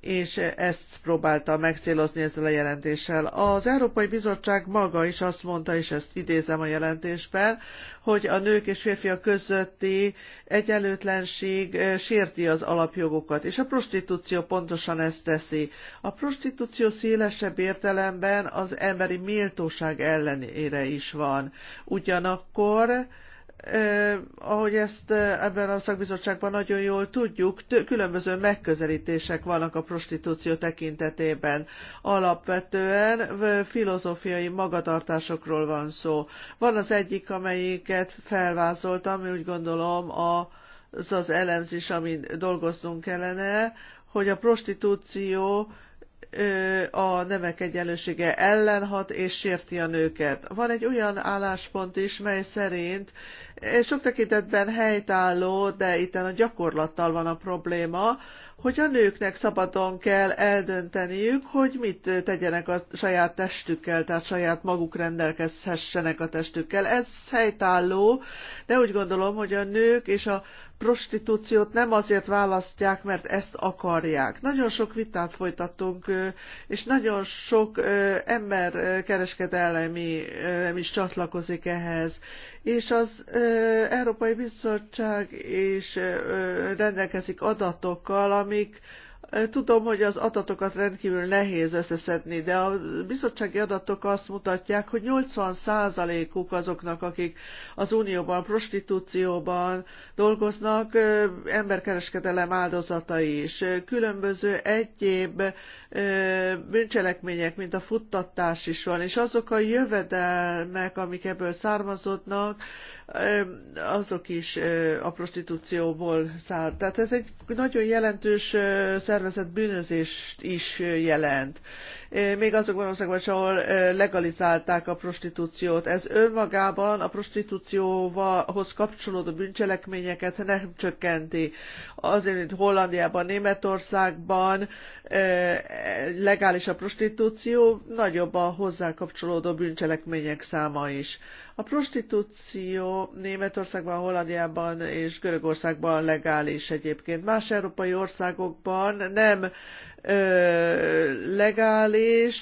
és ezt próbálta megcélozni ezzel a jelentéssel. Az Európai Bizottság maga is azt mondta, és ezt idézem a jelentésben, hogy a nők és férfiak közötti egyenlőtlenség eh, sérti az alapjogokat, és a prostitúció pontosan ezt teszi. A prostitúció szélesebb értelemben az emberi méltóság ellenére is van. Ugyanakkor ahogy ezt ebben a szakbizottságban nagyon jól tudjuk, különböző megközelítések vannak a prostitúció tekintetében. Alapvetően filozófiai magatartásokról van szó. Van az egyik, amelyiket felvázoltam, úgy gondolom a, az az elemzés, amin dolgoznunk kellene, hogy a prostitúció a nemek egyenlősége ellen hat és sérti a nőket. Van egy olyan álláspont is, mely szerint sok tekintetben helytálló, de itt a gyakorlattal van a probléma, hogy a nőknek szabadon kell eldönteniük, hogy mit tegyenek a saját testükkel, tehát saját maguk rendelkezhessenek a testükkel. Ez helytálló, de úgy gondolom, hogy a nők és a prostitúciót nem azért választják, mert ezt akarják. Nagyon sok vitát folytattunk, és nagyon sok ember kereskedelmi is csatlakozik ehhez. És az Európai Bizottság is rendelkezik adatokkal, amik Tudom, hogy az adatokat rendkívül nehéz összeszedni, de a bizottsági adatok azt mutatják, hogy 80%-uk azoknak, akik az Unióban, prostitúcióban dolgoznak, emberkereskedelem áldozatai is. Különböző egyéb bűncselekmények, mint a futtatás is van, és azok a jövedelmek, amik ebből származodnak, azok is a prostitúcióból száll. Tehát ez egy nagyon jelentős szervezet bűnözést is jelent még azokban országban is, ahol legalizálták a prostitúciót. Ez önmagában a prostitúcióhoz kapcsolódó bűncselekményeket nem csökkenti. Azért, mint Hollandiában, Németországban legális a prostitúció, nagyobb a hozzá kapcsolódó bűncselekmények száma is. A prostitúció Németországban, Hollandiában és Görögországban legális egyébként. Más európai országokban nem legális,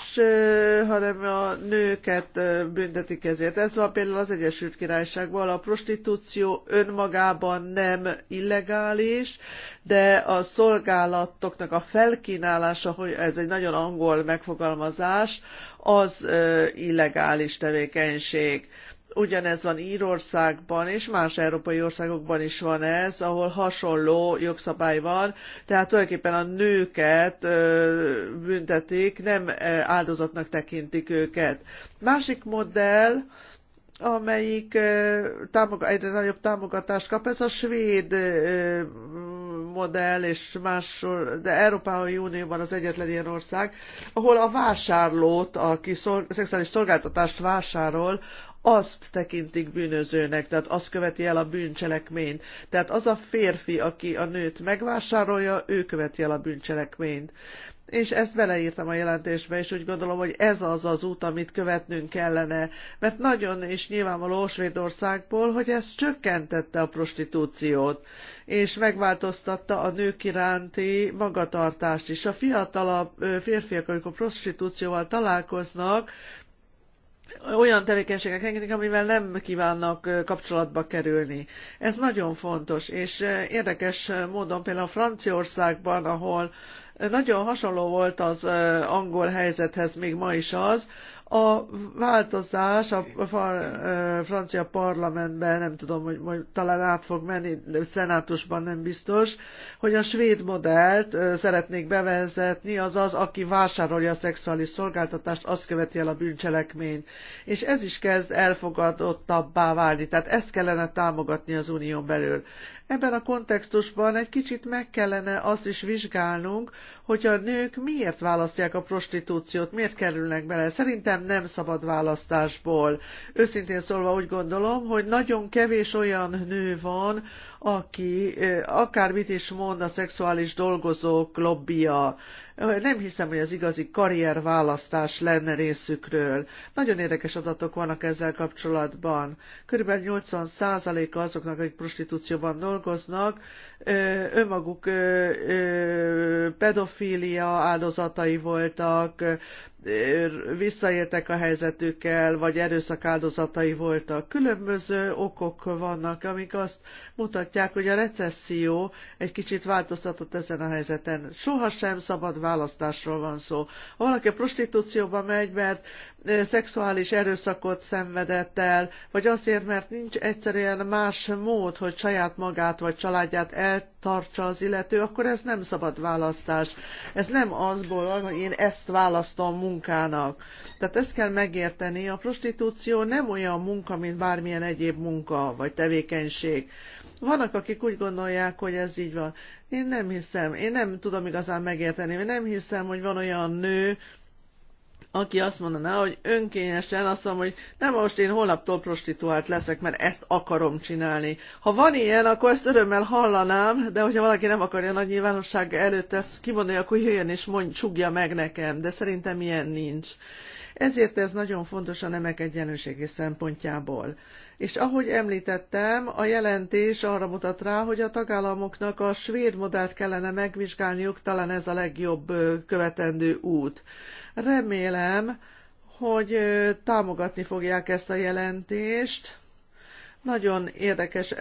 hanem a nőket büntetik ezért. Ez van például az Egyesült Királyságban, a prostitúció önmagában nem illegális, de a szolgálatoknak a felkínálása, hogy ez egy nagyon angol megfogalmazás, az illegális tevékenység. Ugyanez van Írországban és más európai országokban is van ez, ahol hasonló jogszabály van, tehát tulajdonképpen a nőket büntetik, nem áldozatnak tekintik őket. Másik modell, amelyik támog, egyre nagyobb támogatást kap, ez a svéd modell, és más, de Európai Unióban az egyetlen ilyen ország, ahol a vásárlót, aki szol, szexuális szolgáltatást vásárol, azt tekintik bűnözőnek, tehát azt követi el a bűncselekményt. Tehát az a férfi, aki a nőt megvásárolja, ő követi el a bűncselekményt és ezt beleírtam a jelentésbe, és úgy gondolom, hogy ez az az út, amit követnünk kellene, mert nagyon is nyilvánvaló Svédországból, hogy ez csökkentette a prostitúciót, és megváltoztatta a nők iránti magatartást is. A fiatalabb férfiak, amikor prostitúcióval találkoznak, olyan tevékenységek engedik, amivel nem kívánnak kapcsolatba kerülni. Ez nagyon fontos, és érdekes módon például Franciaországban, ahol nagyon hasonló volt az angol helyzethez még ma is az, a változás a francia parlamentben, nem tudom, hogy majd talán át fog menni, szenátusban nem biztos, hogy a svéd modellt szeretnék bevezetni, azaz, aki vásárolja a szexuális szolgáltatást, az követi el a bűncselekményt. És ez is kezd elfogadottabbá válni, tehát ezt kellene támogatni az unión belül. Ebben a kontextusban egy kicsit meg kellene azt is vizsgálnunk, hogy a nők miért választják a prostitúciót, miért kerülnek bele. Szerintem nem szabad választásból. Őszintén szólva úgy gondolom, hogy nagyon kevés olyan nő van, aki eh, akármit is mond a szexuális dolgozók lobbia nem hiszem, hogy az igazi karrierválasztás lenne részükről. Nagyon érdekes adatok vannak ezzel kapcsolatban. Körülbelül 80%-a azoknak, akik prostitúcióban dolgoznak, önmaguk pedofília áldozatai voltak, visszaértek a helyzetükkel, vagy erőszak áldozatai voltak. Különböző okok vannak, amik azt mutatják, hogy a recesszió egy kicsit változtatott ezen a helyzeten. Sohasem szabad választásról van szó. Ha valaki a prostitúcióba megy, mert szexuális erőszakot szenvedett el, vagy azért, mert nincs egyszerűen más mód, hogy saját magát vagy családját eltartsa az illető, akkor ez nem szabad választás. Ez nem azból hogy én ezt választom munkának. Tehát ezt kell megérteni, a prostitúció nem olyan munka, mint bármilyen egyéb munka vagy tevékenység. Vannak, akik úgy gondolják, hogy ez így van. Én nem hiszem, én nem tudom igazán megérteni, én nem hiszem, hogy van olyan nő, aki azt mondaná, hogy önkényesen azt mondom, hogy nem most én holnaptól prostituált leszek, mert ezt akarom csinálni. Ha van ilyen, akkor ezt örömmel hallanám, de hogyha valaki nem akarja nagy nyilvánosság előtt ezt kimondani, akkor jöjjön és mondj, csugja meg nekem, de szerintem ilyen nincs. Ezért ez nagyon fontos a nemek egyenlőségi szempontjából. És ahogy említettem, a jelentés arra mutat rá, hogy a tagállamoknak a svéd modellt kellene megvizsgálniuk, talán ez a legjobb követendő út. Remélem, hogy támogatni fogják ezt a jelentést. Nagyon érdekes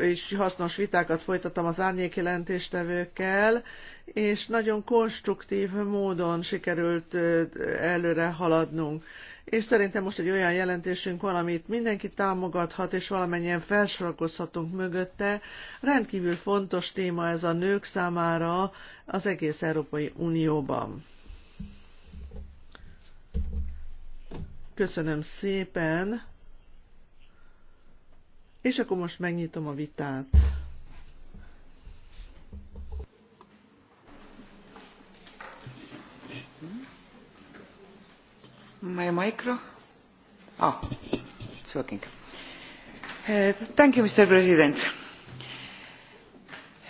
és hasznos vitákat folytattam az árnyék jelentéstevőkkel, és nagyon konstruktív módon sikerült előre haladnunk. És szerintem most egy olyan jelentésünk van, amit mindenki támogathat, és valamennyien felsorakozhatunk mögötte. Rendkívül fontos téma ez a nők számára az egész Európai Unióban. Köszönöm szépen. És akkor most megnyitom a vitát. My micro? Ah, it's working. Uh, thank you, Mr. President.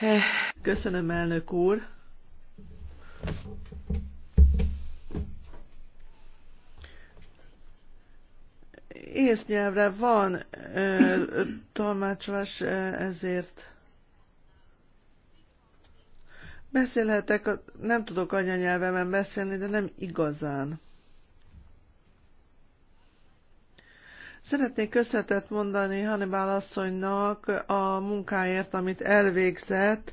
Uh, Köszönöm, elnök úr. nyelvre van ö, tolmácsolás, ezért beszélhetek, nem tudok anyanyelvemen beszélni, de nem igazán. Szeretnék köszönetet mondani Hannibal asszonynak a munkáért, amit elvégzett.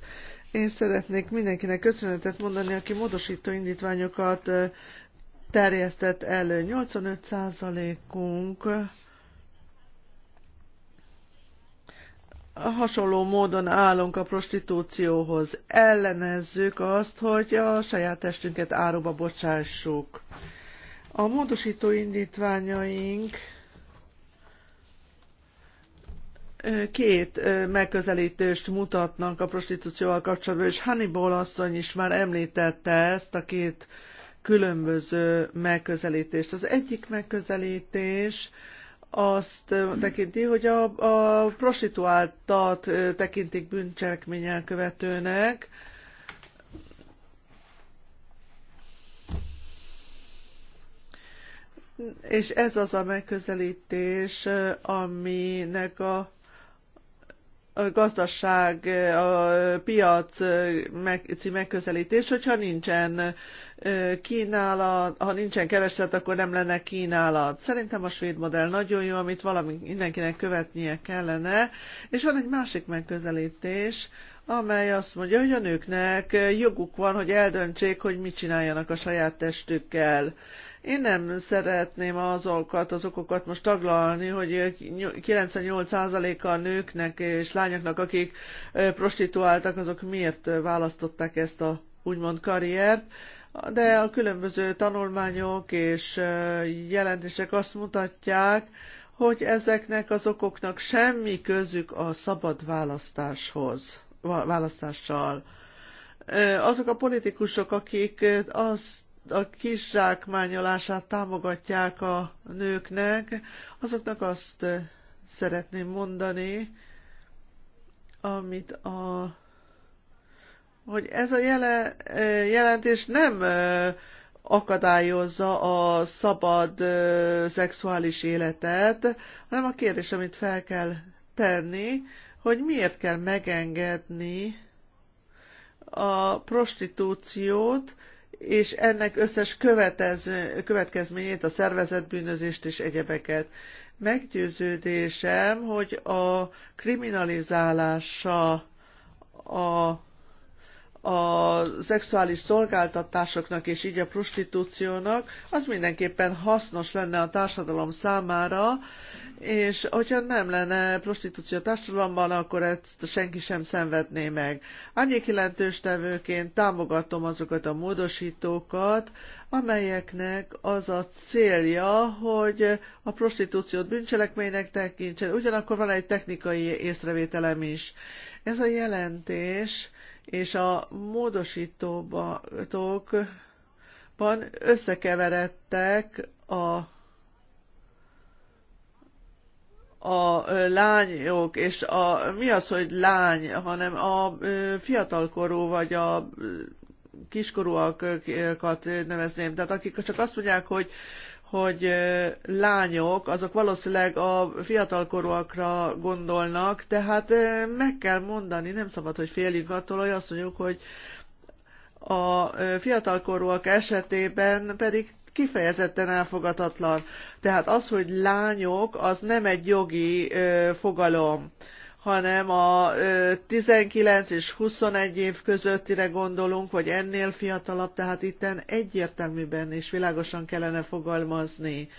Én szeretnék mindenkinek köszönetet mondani, aki módosító indítványokat terjesztett elő. 85%-unk hasonló módon állunk a prostitúcióhoz. Ellenezzük azt, hogy a saját testünket áruba bocsássuk. A módosító indítványaink két megközelítést mutatnak a prostitúcióval kapcsolatban, és Hannibal asszony is már említette ezt a két különböző megközelítést. Az egyik megközelítés azt tekinti, hogy a, a prostituáltat tekintik bűncselekmény követőnek, és ez az a megközelítés, aminek a a gazdaság, a piac megközelítés, hogyha nincsen kínálat, ha nincsen kereslet, akkor nem lenne kínálat. Szerintem a svéd modell nagyon jó, amit valami mindenkinek követnie kellene, és van egy másik megközelítés, amely azt mondja, hogy a nőknek joguk van, hogy eldöntsék, hogy mit csináljanak a saját testükkel. Én nem szeretném azokat az okokat most taglalni, hogy 98%-a a nőknek és lányoknak, akik prostituáltak, azok miért választották ezt a úgymond karriert, de a különböző tanulmányok és jelentések azt mutatják, hogy ezeknek az okoknak semmi közük a szabad választáshoz, választással. Azok a politikusok, akik azt a kiszsákmányolását támogatják a nőknek, azoknak azt szeretném mondani, amit a hogy ez a jele, jelentés nem akadályozza a szabad szexuális életet, hanem a kérdés, amit fel kell tenni, hogy miért kell megengedni a prostitúciót, és ennek összes következményét, a szervezetbűnözést és egyebeket. Meggyőződésem, hogy a kriminalizálása a a szexuális szolgáltatásoknak és így a prostitúciónak, az mindenképpen hasznos lenne a társadalom számára, és hogyha nem lenne prostitúció a társadalomban, akkor ezt senki sem szenvedné meg. Annyi jelentős tevőként támogatom azokat a módosítókat, amelyeknek az a célja, hogy a prostitúciót bűncselekménynek tekintsen, ugyanakkor van egy technikai észrevételem is. Ez a jelentés és a módosítóban összekeveredtek a a lányok, és a, mi az, hogy lány, hanem a fiatalkorú vagy a kiskorúakat nevezném. Tehát akik csak azt mondják, hogy hogy lányok, azok valószínűleg a fiatalkorúakra gondolnak, tehát meg kell mondani, nem szabad, hogy féljünk attól, hogy azt mondjuk, hogy a fiatalkorúak esetében pedig kifejezetten elfogadhatatlan. Tehát az, hogy lányok, az nem egy jogi fogalom hanem a 19 és 21 év közöttire gondolunk, vagy ennél fiatalabb, tehát itten egyértelműben és világosan kellene fogalmazni.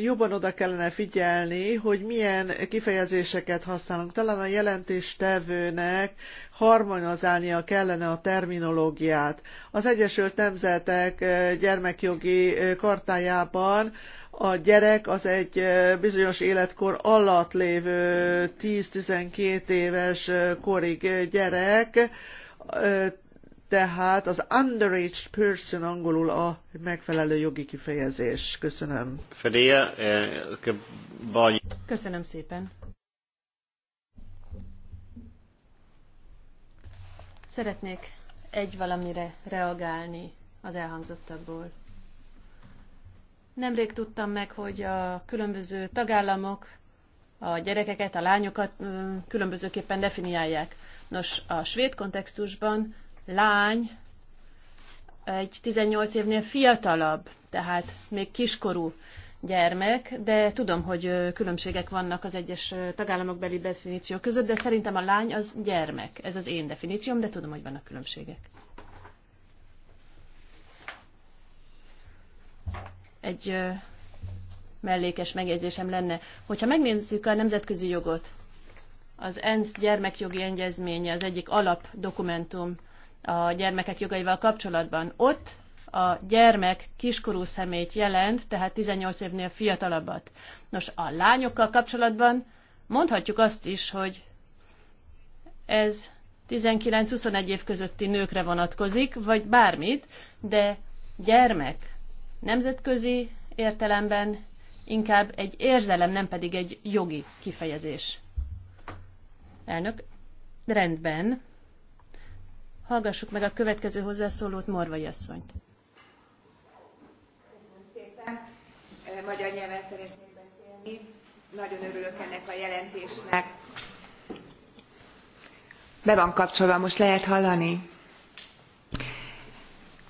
Jobban oda kellene figyelni, hogy milyen kifejezéseket használunk. Talán a jelentéstevőnek harmonizálnia kellene a terminológiát. Az Egyesült Nemzetek gyermekjogi kartájában a gyerek az egy bizonyos életkor alatt lévő 10-12 éves korig gyerek, tehát az underage person angolul a megfelelő jogi kifejezés. Köszönöm. Köszönöm szépen. Szeretnék egy valamire reagálni az elhangzottakból. Nemrég tudtam meg, hogy a különböző tagállamok a gyerekeket, a lányokat különbözőképpen definiálják. Nos, a svéd kontextusban lány egy 18 évnél fiatalabb, tehát még kiskorú gyermek, de tudom, hogy különbségek vannak az egyes tagállamok beli definíció között, de szerintem a lány az gyermek. Ez az én definícióm, de tudom, hogy vannak különbségek. egy mellékes megjegyzésem lenne. Hogyha megnézzük a nemzetközi jogot, az ENSZ gyermekjogi egyezménye az egyik alapdokumentum a gyermekek jogaival kapcsolatban. Ott a gyermek kiskorú szemét jelent, tehát 18 évnél fiatalabbat. Nos, a lányokkal kapcsolatban mondhatjuk azt is, hogy ez 19-21 év közötti nőkre vonatkozik, vagy bármit, de gyermek nemzetközi értelemben inkább egy érzelem, nem pedig egy jogi kifejezés. Elnök, rendben. Hallgassuk meg a következő hozzászólót, Morvai asszonyt. Magyar nyelven szeretnék beszélni. Nagyon örülök ennek a jelentésnek. Be van kapcsolva, most lehet hallani?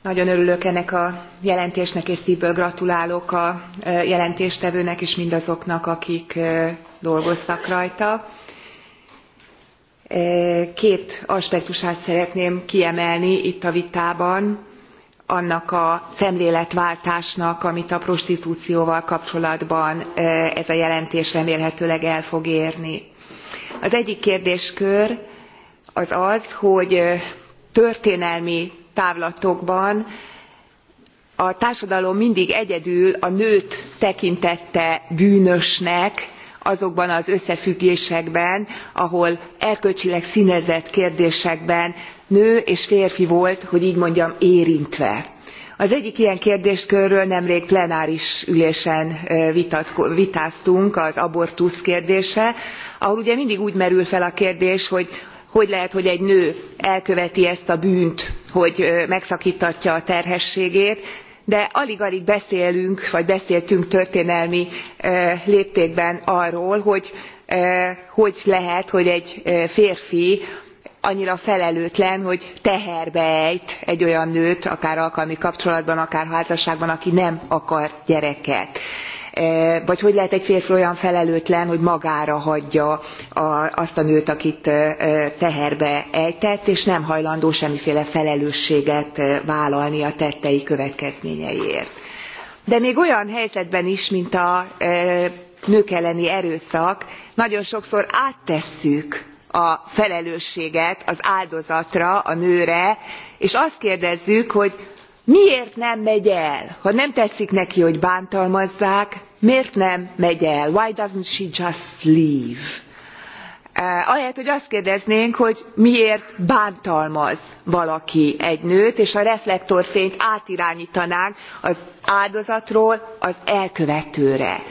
nagyon örülök ennek a jelentésnek és szvből gratulálok a jelentéstevőnek és mindazoknak akik dolgoztak rajta. két aspektusát szeretném kiemelni itt a vitában annak a szemléletváltásnak amit a prostitúcióval kapcsolatban ez a jelentés remélhetőleg el fog érni. az egyik kérdéskör az az hogy történelmi távlatokban a társadalom mindig egyedül a nőt tekintette bűnösnek azokban az összefüggésekben ahol erkölcsileg sznezett kérdésekben nő és férfi volt hogy gy mondjam érintve. az egyik ilyen kérdéskörről nemrég plenáris ülésen vitáztunk az abortusz kérdése ahol ugye mindig úgy merül fel a kérdés hogy hogy lehet hogy egy nő elköveti ezt a bűnt hogy megszaktatja a terhességét de alig alig beszélünk vagy beszéltünk történelmi léptékben arról hogy hogy lehet hogy egy férfi annyira felelőtlen hogy teherbe ejt egy olyan nőt akár alkalmi kapcsolatban akár házasságban aki nem akar gyereket. E, vagy hogy lehet egy férfi olyan felelőtlen hogy magára hagyja azt a nőt akit e, e, teherbe ejtett és nem hajlandó semmiféle felelősséget vállalni a tettei következményeiért. de még olyan helyzetben is mint a nők elleni erőszak nagyon sokszor áttesszük a felelősséget az áldozatra a nőre és azt kérdezzük hogy miért nem megy el ha nem tetszik neki hogy bántalmazzák miért nem megy el why doesn't she just leave? Eh, ahelyett hogy azt kérdeznénk hogy miért bántalmaz valaki egy nőt és a reflektorfényt átiránytanánk az áldozatról az elkövetőre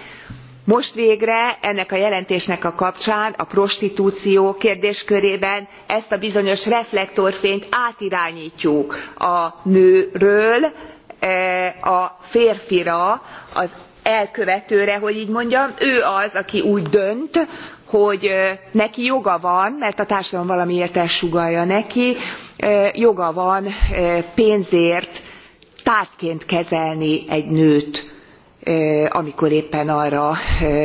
most végre ennek a jelentésnek a kapcsán a prostitúció kérdéskörében ezt a bizonyos reflektorfényt átiránytjuk a nőről e, a férfira az elkövetőre hogy gy mondjam ő az aki úgy dönt hogy e, neki joga van mert a társadalom valamiért ezt sugallja neki e, joga van pénzért tárgyként kezelni egy nőt amikor éppen arra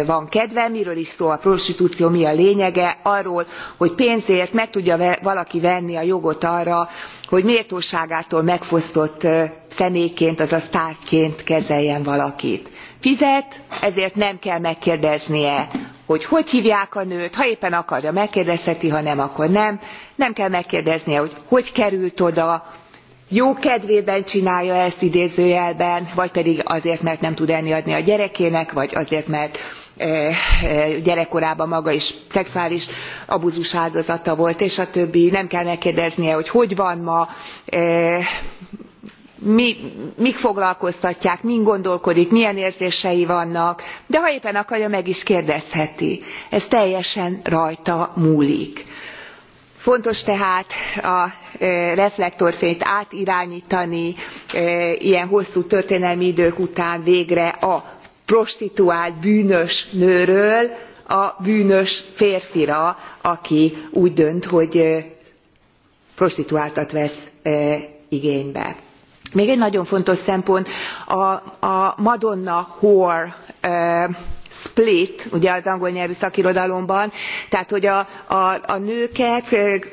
van kedve. miről is szól a prostitúció mi a lényege? arról hogy pénzért meg tudja valaki venni a jogot arra hogy méltóságától megfosztott személyként azaz tárgyként kezeljen valakit. fizet ezért nem kell megkérdeznie hogy hogy hívják a nőt ha éppen akarja megkérdezheti ha nem akkor nem nem kell megkérdeznie hogy hogy került oda jó kedvében csinálja ezt idézőjelben vagy pedig azért mert nem tud enni adni a gyerekének vagy azért mert eh, eh, gyerekkorában maga is szexuális abúzus áldozata volt és a többi nem kell megkérdeznie hogy hogy van ma eh, mi, mik foglalkoztatják min gondolkodik milyen érzései vannak de ha éppen akarja meg is kérdezheti ez teljesen rajta múlik. fontos tehát a reflektorfényt átiránytani ilyen hosszú történelmi idők után végre a prostituált bűnös nőről a bűnös férfira aki úgy dönt hogy prostituáltat vesz igénybe. még egy nagyon fontos szempont a, madonna whore split ugye az angol nyelvű szakirodalomban tehát hogy a, nőket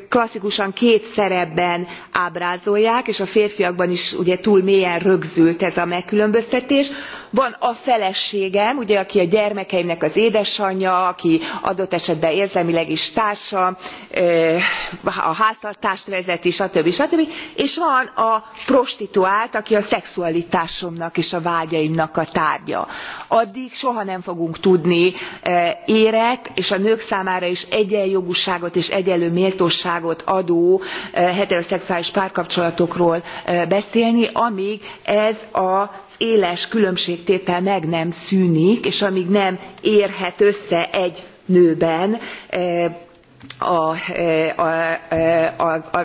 klasszikusan két szerepben ábrázolják és a férfiakban is ugye túl mélyen rögzült ez a megkülönböztetés van a feleségem ugye aki a gyermekeimnek az édesanyja aki adott esetben érzelmileg is társam a háztartást vezeti stb. stb. és van a prostituált aki a szexualitásomnak és a vágyaimnak a tárgya. addig soha nem fogunk tudni érett és a nők számára is egyenjogúságot és egyenlő méltóságot adó heteroszexuális párkapcsolatokról beszélni amg ez a éles különbségtétel meg nem szűnik és amg nem érhet össze egy nőben eh, a,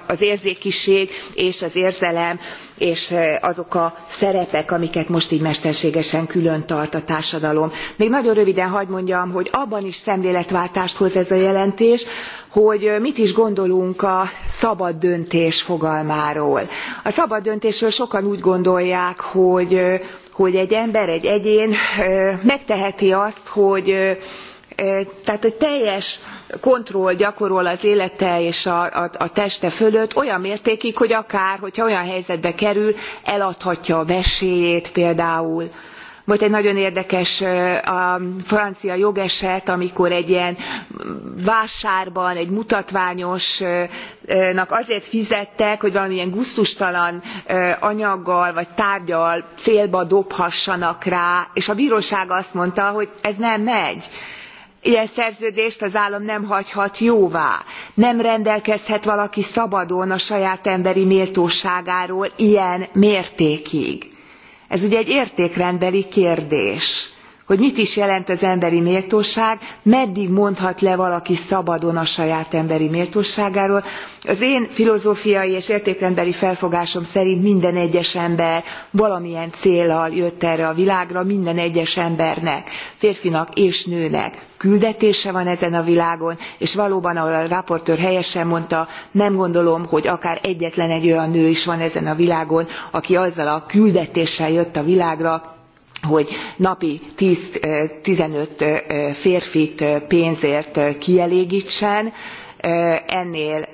az érzékiség és az érzelem és azok a szerepek amiket most gy mesterségesen külön tart a társadalom. még nagyon röviden hadd mondjam hogy abban is szemléletváltást hoz ez a jelentés hogy mit is gondolunk a szabad döntés fogalmáról. a szabad döntésről sokan úgy gondolják hogy, hogy egy ember egy egyén megteheti azt hogy tehát hogy teljes kontroll gyakorol az élete és a, teste fölött olyan mértékig hogy akár hogyha olyan helyzetbe kerül eladhatja a veséjét például volt egy nagyon érdekes francia jogeset amikor egy ilyen vásárban egy mutatványosnak azért fizettek hogy valamilyen gusztustalan anyaggal vagy tárggyal célba dobhassanak rá és a bróság azt mondta hogy ez nem megy ilyen szerződést az állam nem hagyhat jóvá nem rendelkezhet valaki szabadon a saját emberi méltóságáról ilyen mértékig. ez ugye egy értékrendbeli kérdés hogy mit is jelent az emberi méltóság meddig mondhat le valaki szabadon a saját emberi méltóságáról. az én filozófiai és értékrendbeli felfogásom szerint minden egyes ember valamilyen céllal jött erre a világra minden egyes embernek férfinak és nőnek küldetése van ezen a világon és valóban ahogy a raportőr helyesen mondta nem gondolom hogy akár egyetlen egy olyan nő is van ezen a világon aki azzal a küldetéssel jött a világra hogy napi ten fifteen férfit pénzért kielégtsen ennél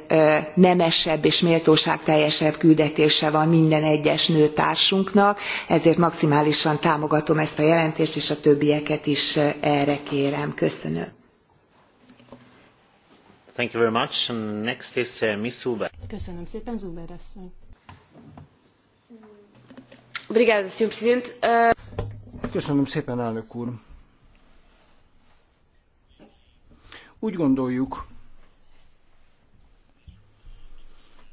nemesebb és méltóságteljesebb küldetése van minden egyes nőtársunknak ezért maximálisan támogatom ezt a jelentést és a többieket is erre kérem. köszönöm. Uh, köszönöm szépen, Zuber asszony. Köszönöm szépen, elnök úr. Úgy gondoljuk,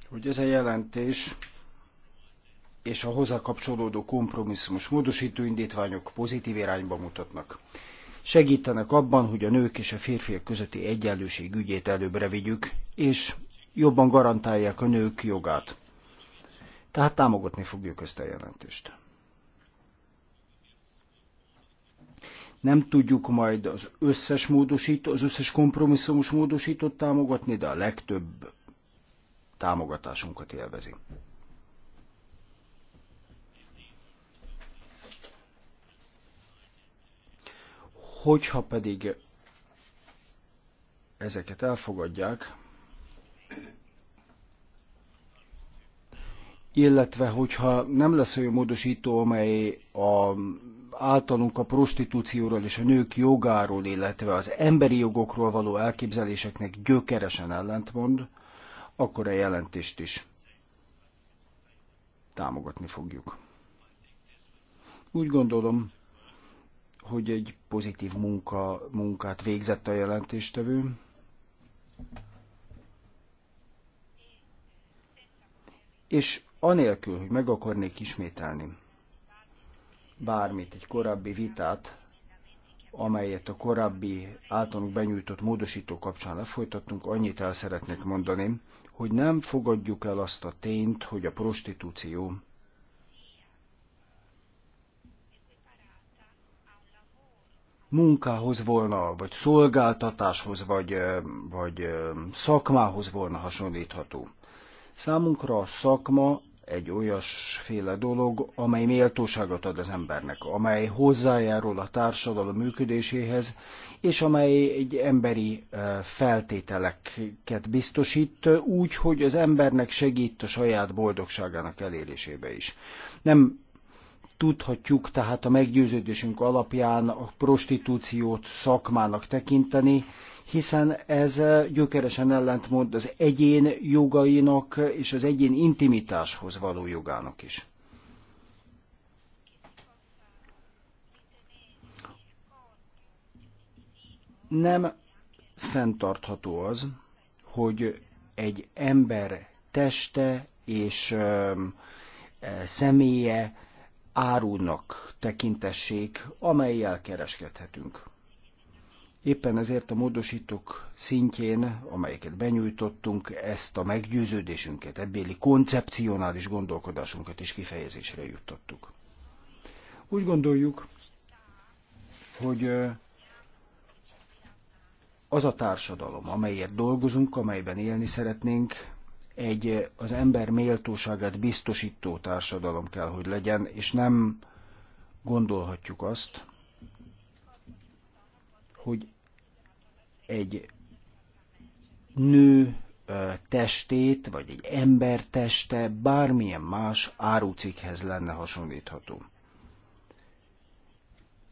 hogy ez a jelentés és a hozzá kapcsolódó kompromisszumos módosító indítványok pozitív irányba mutatnak. Segítenek abban, hogy a nők és a férfiak közötti egyenlőség ügyét előbbre vigyük, és jobban garantálják a nők jogát. Tehát támogatni fogjuk ezt a jelentést. Nem tudjuk majd az összes módosító, az összes kompromisszumos módosítót támogatni, de a legtöbb támogatásunkat élvezi. Hogyha pedig ezeket elfogadják, illetve hogyha nem lesz olyan módosító, amely a általunk a prostitúcióról és a nők jogáról, illetve az emberi jogokról való elképzeléseknek gyökeresen ellentmond, akkor a jelentést is támogatni fogjuk. Úgy gondolom, hogy egy pozitív munka, munkát végzett a jelentéstevő. És anélkül, hogy meg akarnék ismételni, bármit, egy korábbi vitát, amelyet a korábbi általunk benyújtott módosító kapcsán lefolytattunk, annyit el szeretnék mondani, hogy nem fogadjuk el azt a tényt, hogy a prostitúció munkához volna, vagy szolgáltatáshoz, vagy, vagy szakmához volna hasonlítható. Számunkra a szakma egy olyasféle dolog, amely méltóságot ad az embernek, amely hozzájárul a társadalom működéséhez, és amely egy emberi eh, feltételeket biztosít, eh, úgy, hogy az embernek segít a saját boldogságának elérésébe is. Nem tudhatjuk tehát a meggyőződésünk alapján a prostitúciót szakmának tekinteni, hiszen ez gyökeresen ellentmond az egyén jogainak és az egyén intimitáshoz való jogának is. Nem fenntartható az, hogy egy ember teste és ö, személye árulnak tekintessék, amelyel kereskedhetünk. Éppen ezért a módosítók szintjén, amelyeket benyújtottunk, ezt a meggyőződésünket, ebbéli koncepcionális gondolkodásunkat is kifejezésre juttattuk. Úgy gondoljuk, hogy az a társadalom, amelyért dolgozunk, amelyben élni szeretnénk, egy az ember méltóságát biztosító társadalom kell, hogy legyen, és nem gondolhatjuk azt, hogy egy nő testét, vagy egy ember teste bármilyen más árucikhez lenne hasonlítható.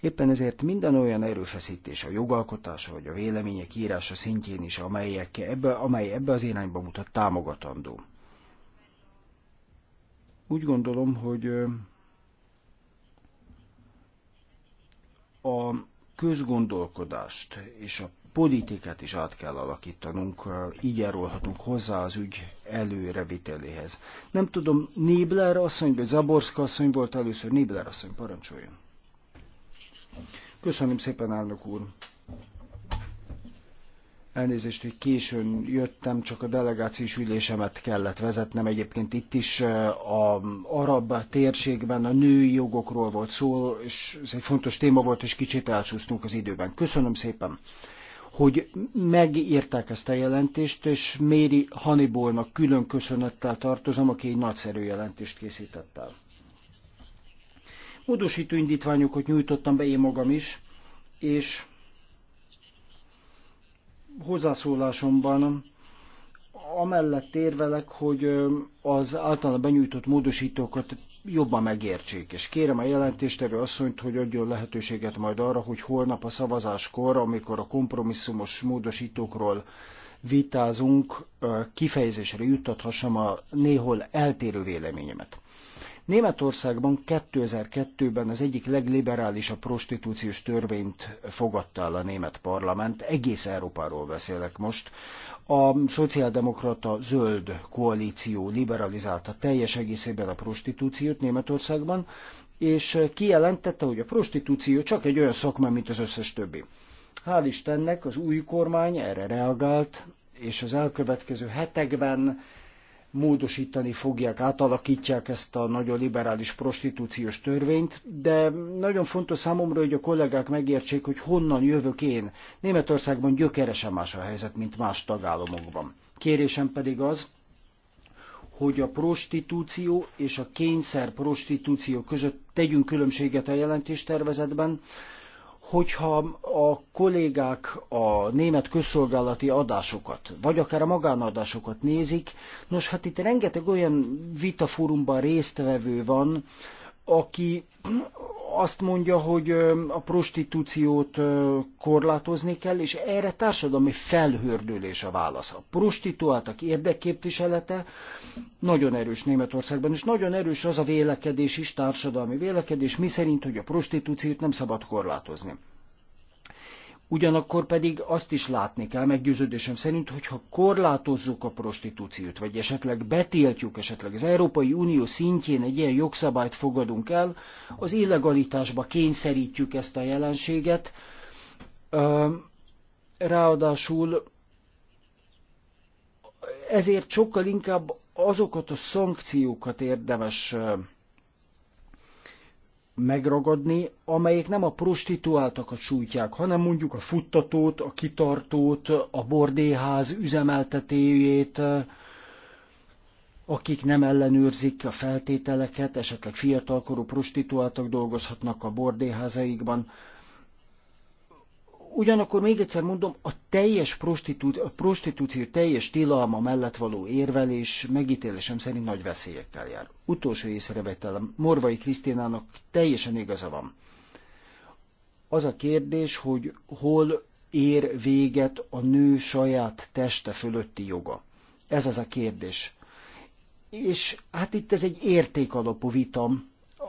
Éppen ezért minden olyan erőfeszítés a jogalkotása vagy a vélemények írása szintjén is, amelyek ebbe, amely ebbe az irányba mutat támogatandó. Úgy gondolom, hogy a közgondolkodást és a politikát is át kell alakítanunk, így járulhatunk hozzá az ügy előreviteléhez. Nem tudom, Nébler asszony, vagy Zaborszka asszony volt először, Nébler asszony, parancsoljon. Köszönöm szépen, elnök úr. Elnézést, hogy későn jöttem, csak a delegációs ülésemet kellett vezetnem. Egyébként itt is a arab térségben a női jogokról volt szó, és ez egy fontos téma volt, és kicsit elcsúsztunk az időben. Köszönöm szépen hogy megírták ezt a jelentést, és Méri Hanibolnak külön köszönettel tartozom, aki egy nagyszerű jelentést készített el. Módosító indítványokat nyújtottam be én magam is, és hozzászólásomban amellett érvelek, hogy az általában benyújtott módosítókat jobban megértsék. És kérem a jelentéstevő asszonyt, hogy adjon lehetőséget majd arra, hogy holnap a szavazáskor, amikor a kompromisszumos módosítókról vitázunk, kifejezésre juttathassam a néhol eltérő véleményemet. Németországban 2002-ben az egyik legliberálisabb prostitúciós törvényt fogadta el a német parlament, egész Európáról beszélek most, a szociáldemokrata zöld koalíció liberalizálta teljes egészében a prostitúciót Németországban, és kijelentette, hogy a prostitúció csak egy olyan szakma, mint az összes többi. Hál' Istennek az új kormány erre reagált, és az elkövetkező hetekben módosítani fogják, átalakítják ezt a nagyon liberális prostitúciós törvényt, de nagyon fontos számomra, hogy a kollégák megértsék, hogy honnan jövök én. Németországban gyökeresen más a helyzet, mint más tagállamokban. Kérésem pedig az, hogy a prostitúció és a kényszer prostitúció között tegyünk különbséget a jelentéstervezetben, tervezetben, hogyha a kollégák a német közszolgálati adásokat, vagy akár a magánadásokat nézik, nos hát itt rengeteg olyan vitafórumban résztvevő van, aki azt mondja, hogy a prostitúciót korlátozni kell, és erre társadalmi felhördülés a válasz. A prostituáltak érdekképviselete nagyon erős Németországban, és nagyon erős az a vélekedés is, társadalmi vélekedés, mi szerint, hogy a prostitúciót nem szabad korlátozni. Ugyanakkor pedig azt is látni kell, meggyőződésem szerint, ha korlátozzuk a prostitúciót, vagy esetleg betiltjuk, esetleg az Európai Unió szintjén egy ilyen jogszabályt fogadunk el, az illegalitásba kényszerítjük ezt a jelenséget. Ráadásul ezért sokkal inkább azokat a szankciókat érdemes megragadni, amelyek nem a prostituáltakat sújtják, hanem mondjuk a futtatót, a kitartót, a bordéház üzemeltetőjét, akik nem ellenőrzik a feltételeket, esetleg fiatalkorú prostituáltak dolgozhatnak a bordéházaikban. Ugyanakkor még egyszer mondom, a teljes prostitú- a prostitúció teljes tilalma mellett való érvelés megítélésem szerint nagy veszélyekkel jár. Utolsó észrevetelem, Morvai Krisztinának teljesen igaza van. Az a kérdés, hogy hol ér véget a nő saját teste fölötti joga. Ez az a kérdés. És hát itt ez egy értékalapú vita,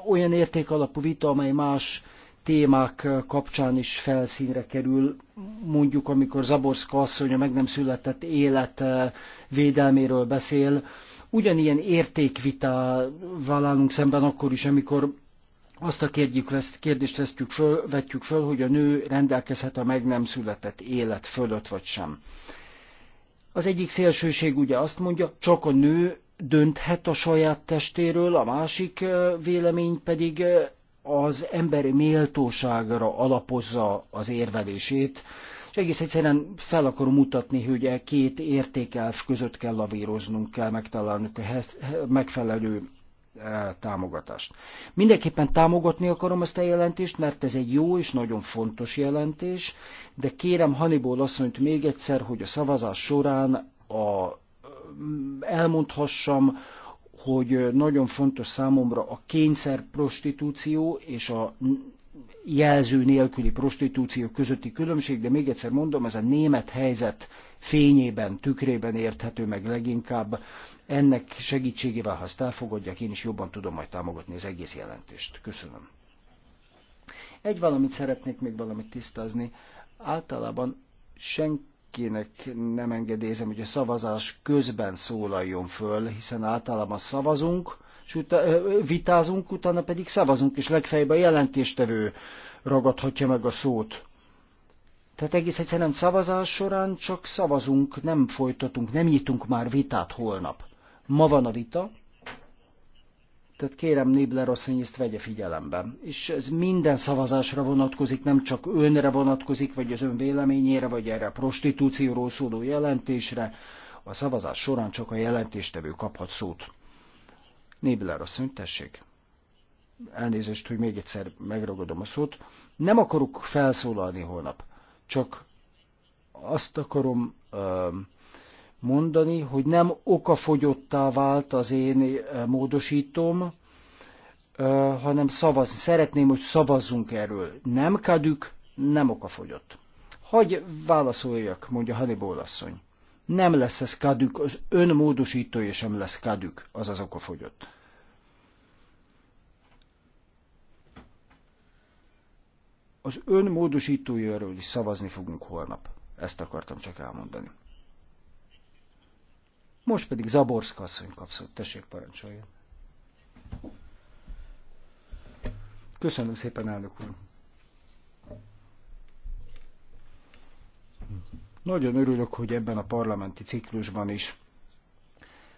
olyan értékalapú vita, amely más témák kapcsán is felszínre kerül, mondjuk amikor Zaborszka asszony a meg nem született élet eh, védelméről beszél, ugyanilyen értékvita állunk szemben akkor is, amikor azt a kérdést vesztjük föl, vetjük föl, hogy a nő rendelkezhet a meg nem született élet fölött vagy sem. Az egyik szélsőség ugye azt mondja, csak a nő dönthet a saját testéről, a másik eh, vélemény pedig eh, az emberi méltóságra alapozza az érvelését, és egész egyszerűen fel akarom mutatni, hogy e két értékelv között kell lavíroznunk, kell megtalálnunk a megfelelő e, támogatást. Mindenképpen támogatni akarom ezt a jelentést, mert ez egy jó és nagyon fontos jelentés, de kérem Hannibal asszonyt még egyszer, hogy a szavazás során a, elmondhassam, hogy nagyon fontos számomra a kényszer prostitúció és a jelző nélküli prostitúció közötti különbség, de még egyszer mondom, ez a német helyzet fényében, tükrében érthető meg leginkább. Ennek segítségével, ha ezt elfogadják, én is jobban tudom majd támogatni az egész jelentést. Köszönöm. Egy valamit szeretnék még valamit tisztázni. Általában senki senkinek nem engedézem, hogy a szavazás közben szólaljon föl, hiszen általában szavazunk, és utána, vitázunk, utána pedig szavazunk, és legfeljebb a jelentéstevő ragadhatja meg a szót. Tehát egész egyszerűen szavazás során csak szavazunk, nem folytatunk, nem nyitunk már vitát holnap. Ma van a vita, tehát kérem Nibler asszony, ezt vegye figyelembe. És ez minden szavazásra vonatkozik, nem csak önre vonatkozik, vagy az ön véleményére, vagy erre a prostitúcióról szóló jelentésre. A szavazás során csak a jelentéstevő kaphat szót. Nibler asszony, tessék. Elnézést, hogy még egyszer megragadom a szót. Nem akarok felszólalni holnap, csak azt akarom... Uh, mondani, hogy nem okafogyottá vált az én eh, módosítom, eh, hanem szavaz. Szeretném, hogy szavazzunk erről. Nem kadük, nem okafogyott. Hogy válaszoljak, mondja Hannibal asszony. Nem lesz ez kadük, az ön módosítója sem lesz kadük, az okafogyott. Az ön módosítójáról is szavazni fogunk holnap. Ezt akartam csak elmondani. Most pedig Zaborszka asszony kapszott. Tessék, parancsoljon. Köszönöm szépen, elnök úr. Nagyon örülök, hogy ebben a parlamenti ciklusban is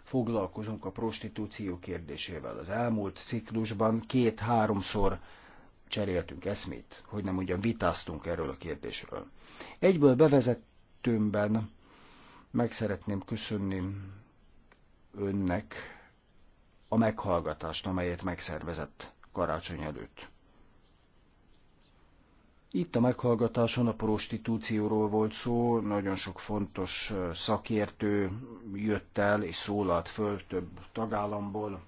foglalkozunk a prostitúció kérdésével. Az elmúlt ciklusban két-háromszor cseréltünk eszmét, hogy nem ugyan vitáztunk erről a kérdésről. Egyből bevezettőmben. Meg szeretném köszönni önnek a meghallgatást, amelyet megszervezett karácsony előtt. Itt a meghallgatáson a prostitúcióról volt szó, nagyon sok fontos szakértő jött el és szólalt föl több tagállamból.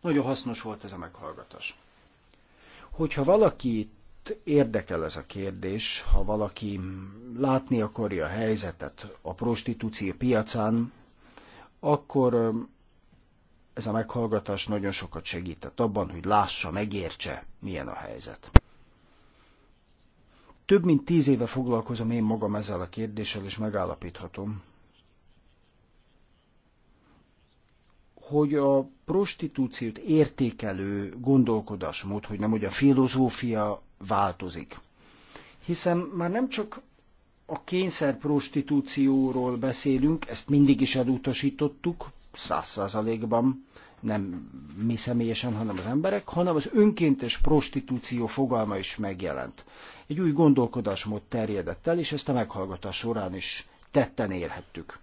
Nagyon hasznos volt ez a meghallgatás. Hogyha valaki érdekel ez a kérdés, ha valaki látni akarja a helyzetet a prostitúció piacán, akkor ez a meghallgatás nagyon sokat segített abban, hogy lássa, megértse, milyen a helyzet. Több mint tíz éve foglalkozom én magam ezzel a kérdéssel, és megállapíthatom, hogy a prostitúciót értékelő gondolkodásmód, hogy nem hogy a filozófia változik. Hiszen már nem csak a kényszer prostitúcióról beszélünk, ezt mindig is elutasítottuk, száz százalékban, nem mi személyesen, hanem az emberek, hanem az önkéntes prostitúció fogalma is megjelent. Egy új gondolkodásmód terjedett el, és ezt a meghallgatás során is tetten érhettük.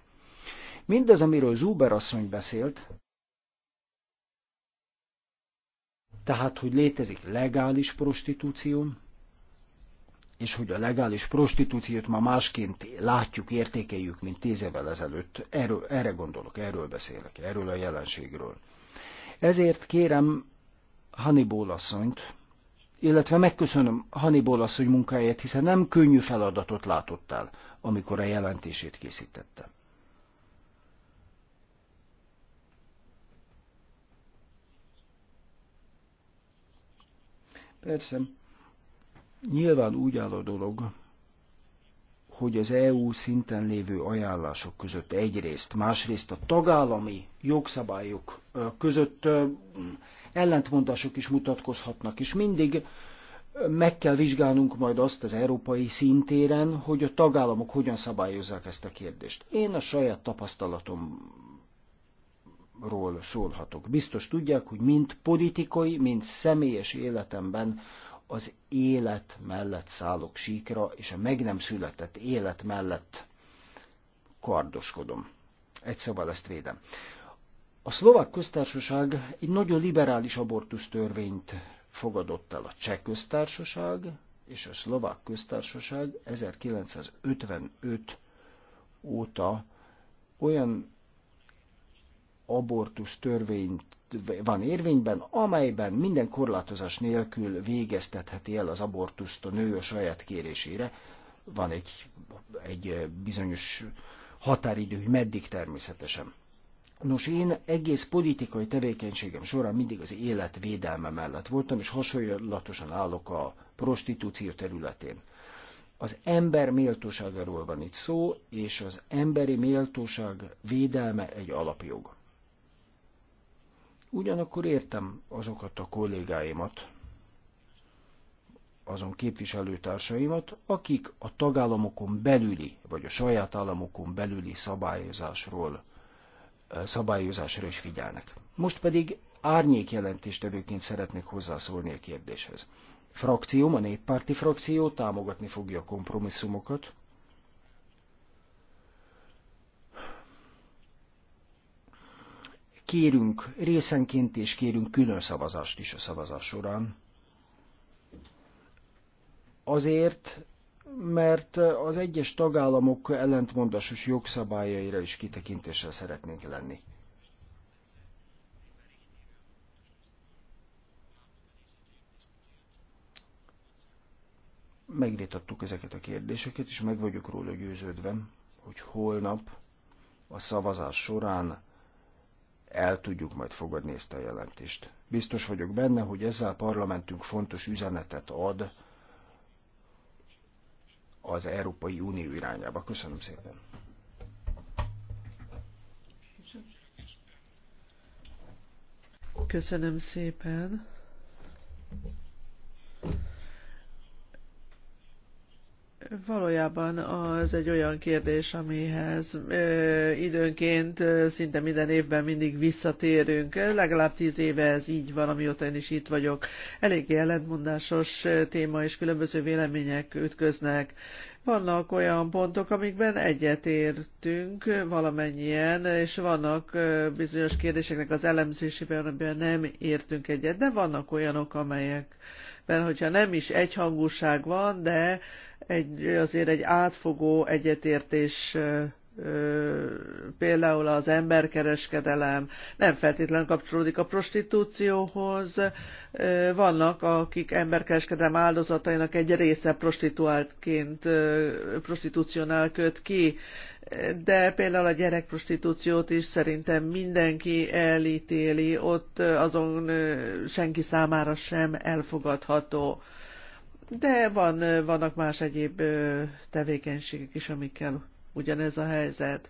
Mindez, amiről Zuber asszony beszélt, tehát hogy létezik legális prostitúció, és hogy a legális prostitúciót ma másként látjuk, értékeljük, mint tíz évvel ezelőtt. Erről, erre gondolok, erről beszélek, erről a jelenségről. Ezért kérem Hannibal asszonyt, illetve megköszönöm Hannibal asszony munkáját, hiszen nem könnyű feladatot látott el, amikor a jelentését készítette. Persze, nyilván úgy áll a dolog, hogy az EU szinten lévő ajánlások között egyrészt, másrészt a tagállami jogszabályok között ellentmondások is mutatkozhatnak, és mindig meg kell vizsgálnunk majd azt az európai szintéren, hogy a tagállamok hogyan szabályozzák ezt a kérdést. Én a saját tapasztalatom ról szólhatok. Biztos tudják, hogy mind politikai, mind személyes életemben az élet mellett szállok síkra, és a meg nem született élet mellett kardoskodom. Egy szóval ezt védem. A szlovák köztársaság egy nagyon liberális abortusz törvényt fogadott el a cseh köztársaság, és a szlovák köztársaság 1955 óta olyan Abortus törvény van érvényben, amelyben minden korlátozás nélkül végeztetheti el az abortuszt a nő a saját kérésére. Van egy, egy bizonyos határidő, hogy meddig természetesen. Nos, én egész politikai tevékenységem során mindig az élet védelme mellett voltam, és hasonlatosan állok a prostitúció területén. Az ember méltóságáról van itt szó, és az emberi méltóság védelme egy alapjog. Ugyanakkor értem azokat a kollégáimat, azon képviselőtársaimat, akik a tagállamokon belüli, vagy a saját államokon belüli szabályozásról, eh, szabályozásra is figyelnek. Most pedig árnyék jelentéstevőként szeretnék hozzászólni a kérdéshez. Frakcióm, a néppárti frakció támogatni fogja a kompromisszumokat, kérünk részenként, és kérünk külön szavazást is a szavazás során. Azért, mert az egyes tagállamok ellentmondásos jogszabályaira is kitekintéssel szeretnénk lenni. Megvitattuk ezeket a kérdéseket, és meg vagyok róla győződve, hogy holnap a szavazás során el tudjuk majd fogadni ezt a jelentést. Biztos vagyok benne, hogy ezzel a parlamentünk fontos üzenetet ad az Európai Unió irányába. Köszönöm szépen! Köszönöm szépen! Valójában az egy olyan kérdés, amihez ö, időnként ö, szinte minden évben mindig visszatérünk. Legalább tíz éve ez így van, amióta én is itt vagyok. Eléggé ellentmondásos téma, és különböző vélemények ütköznek. Vannak olyan pontok, amikben egyetértünk valamennyien, és vannak bizonyos kérdéseknek az elemzésében, amiben nem értünk egyet, de vannak olyanok, amelyekben, hogyha nem is egyhangúság van, de egy, azért egy átfogó egyetértés például az emberkereskedelem nem feltétlenül kapcsolódik a prostitúcióhoz. Vannak, akik emberkereskedelem áldozatainak egy része prostituáltként, prostitúcionál köt ki, de például a gyerekprostitúciót is szerintem mindenki elítéli, ott azon senki számára sem elfogadható de van, vannak más egyéb tevékenységek is, amikkel ugyanez a helyzet.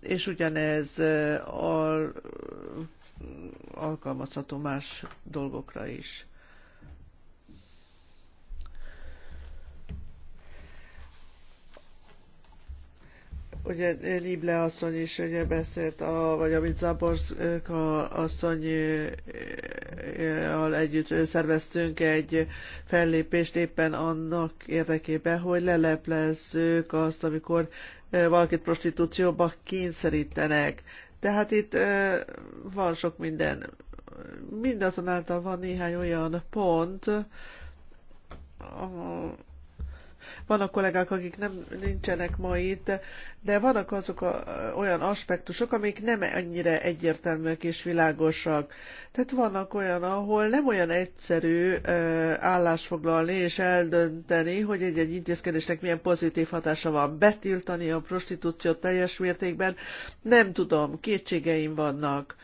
És ugyanez al, alkalmazható más dolgokra is. Ugye Lible asszony is ugye beszélt, a, vagy amit Zaborszka asszony e, e, együtt szerveztünk egy fellépést éppen annak érdekében, hogy leleplezzük azt, amikor e, valakit prostitúcióba kényszerítenek. Tehát itt van sok minden. Mindazonáltal van néhány olyan pont, vannak kollégák, akik nem nincsenek ma itt, de vannak azok a, olyan aspektusok, amik nem annyira egyértelműek és világosak. Tehát vannak olyan, ahol nem olyan egyszerű ö, állást foglalni és eldönteni, hogy egy-egy intézkedésnek milyen pozitív hatása van. Betiltani a prostitúciót teljes mértékben, nem tudom, kétségeim vannak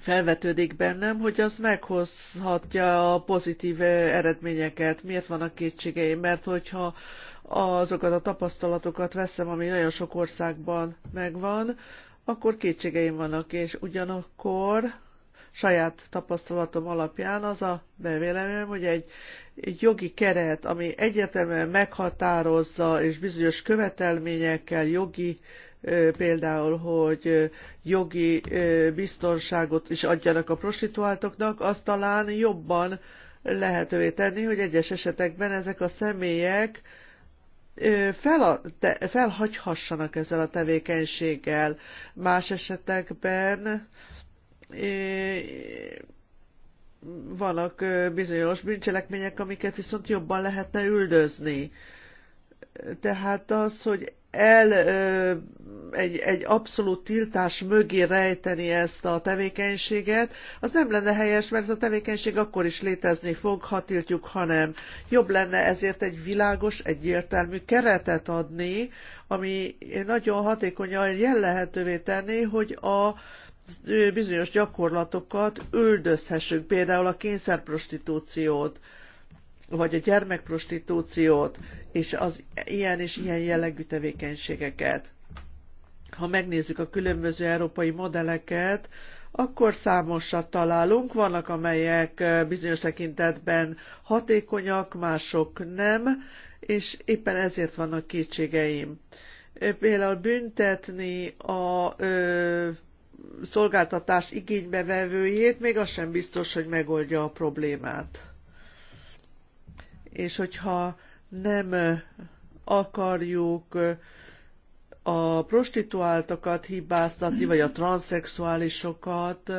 felvetődik bennem, hogy az meghozhatja a pozitív eredményeket. Miért van a kétségeim? Mert hogyha azokat a tapasztalatokat veszem, ami nagyon sok országban megvan, akkor kétségeim vannak, és ugyanakkor saját tapasztalatom alapján az a bevélemem, hogy egy, egy jogi keret, ami egyértelműen meghatározza és bizonyos követelményekkel, jogi például, hogy jogi biztonságot is adjanak a prostituáltoknak, az talán jobban lehetővé tenni, hogy egyes esetekben ezek a személyek fel, te, felhagyhassanak ezzel a tevékenységgel. Más esetekben vannak bizonyos bűncselekmények, amiket viszont jobban lehetne üldözni. Tehát az, hogy el egy, egy abszolút tiltás mögé rejteni ezt a tevékenységet, az nem lenne helyes, mert ez a tevékenység akkor is létezni fog, ha tiltjuk, hanem Jobb lenne ezért egy világos, egyértelmű keretet adni, ami nagyon hatékonyan jel lehetővé tenni, hogy a bizonyos gyakorlatokat üldözhessük, például a kényszerprostitúciót vagy a gyermekprostitúciót, és az ilyen és ilyen jellegű tevékenységeket. Ha megnézzük a különböző európai modelleket, akkor számosat találunk, vannak amelyek bizonyos tekintetben hatékonyak, mások nem, és éppen ezért vannak kétségeim. Például büntetni a ö, szolgáltatás igénybevevőjét, még az sem biztos, hogy megoldja a problémát és hogyha nem akarjuk a prostituáltakat hibáztatni, vagy a transzexuálisokat,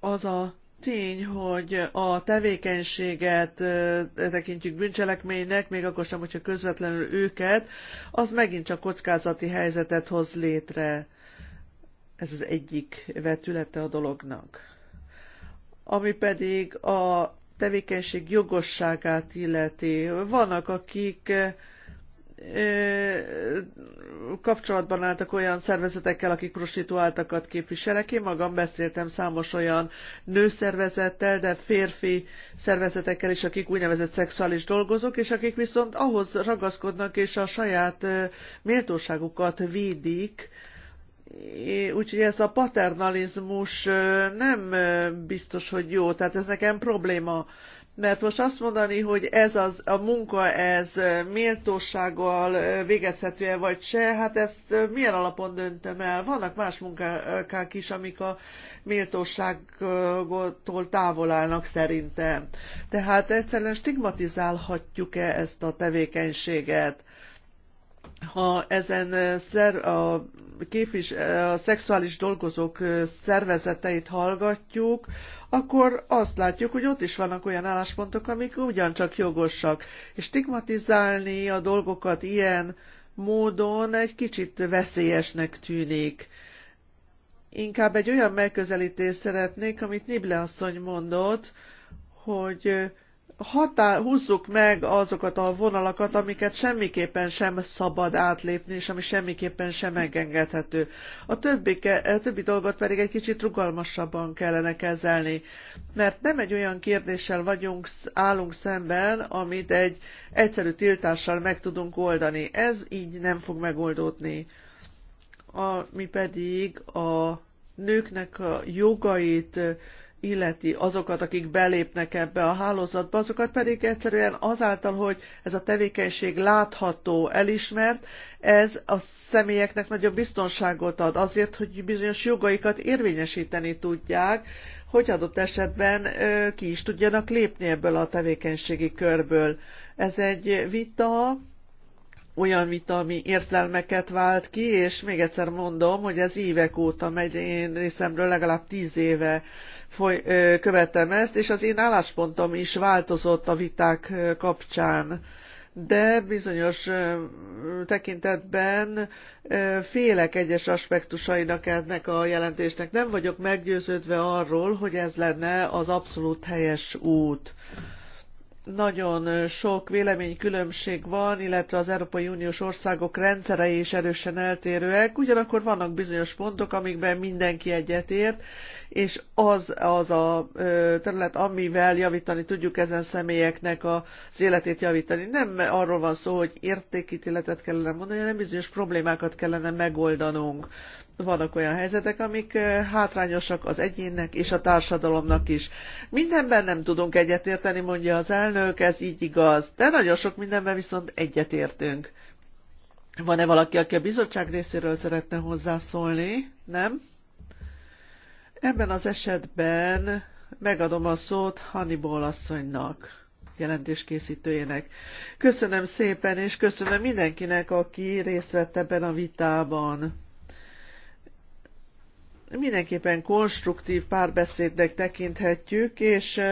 az a tény, hogy a tevékenységet tekintjük bűncselekménynek, még akkor sem, hogyha közvetlenül őket, az megint csak kockázati helyzetet hoz létre. Ez az egyik vetülete a dolognak ami pedig a tevékenység jogosságát illeti. Vannak, akik kapcsolatban álltak olyan szervezetekkel, akik prostituáltakat képviselek. Én magam beszéltem számos olyan nőszervezettel, de férfi szervezetekkel is, akik úgynevezett szexuális dolgozók, és akik viszont ahhoz ragaszkodnak, és a saját méltóságukat védik, úgyhogy ez a paternalizmus nem biztos, hogy jó, tehát ez nekem probléma. Mert most azt mondani, hogy ez az, a munka, ez méltósággal végezhető-e vagy se, hát ezt milyen alapon döntöm el? Vannak más munkák is, amik a méltóságtól távol állnak szerintem. Tehát egyszerűen stigmatizálhatjuk-e ezt a tevékenységet? ha ezen szer, a, képvis, a szexuális dolgozók szervezeteit hallgatjuk, akkor azt látjuk, hogy ott is vannak olyan álláspontok, amik ugyancsak jogosak. És stigmatizálni a dolgokat ilyen módon egy kicsit veszélyesnek tűnik. Inkább egy olyan megközelítést szeretnék, amit Nible asszony mondott, hogy húzzuk meg azokat a vonalakat, amiket semmiképpen sem szabad átlépni, és ami semmiképpen sem megengedhető. A többi, a többi dolgot pedig egy kicsit rugalmasabban kellene kezelni, mert nem egy olyan kérdéssel vagyunk, állunk szemben, amit egy egyszerű tiltással meg tudunk oldani. Ez így nem fog megoldódni. Ami pedig a nőknek a jogait, illeti azokat, akik belépnek ebbe a hálózatba, azokat pedig egyszerűen azáltal, hogy ez a tevékenység látható, elismert, ez a személyeknek nagyobb biztonságot ad azért, hogy bizonyos jogaikat érvényesíteni tudják, hogy adott esetben ki is tudjanak lépni ebből a tevékenységi körből. Ez egy vita, olyan vita, ami érzelmeket vált ki, és még egyszer mondom, hogy ez évek óta megy, én részemről legalább tíz éve foly, követem ezt, és az én álláspontom is változott a viták kapcsán de bizonyos tekintetben félek egyes aspektusainak ennek a jelentésnek. Nem vagyok meggyőződve arról, hogy ez lenne az abszolút helyes út nagyon sok véleménykülönbség van, illetve az Európai Uniós országok rendszerei is erősen eltérőek, ugyanakkor vannak bizonyos pontok, amikben mindenki egyetért, és az az a terület, amivel javítani tudjuk ezen személyeknek az életét javítani. Nem arról van szó, hogy értékítéletet kellene mondani, hanem bizonyos problémákat kellene megoldanunk vannak olyan helyzetek, amik hátrányosak az egyénnek és a társadalomnak is. Mindenben nem tudunk egyetérteni, mondja az elnök, ez így igaz, de nagyon sok mindenben viszont egyetértünk. Van-e valaki, aki a bizottság részéről szeretne hozzászólni? Nem? Ebben az esetben megadom a szót Hannibal asszonynak jelentéskészítőjének. Köszönöm szépen, és köszönöm mindenkinek, aki részt vett ebben a vitában mindenképpen konstruktív párbeszédnek tekinthetjük, és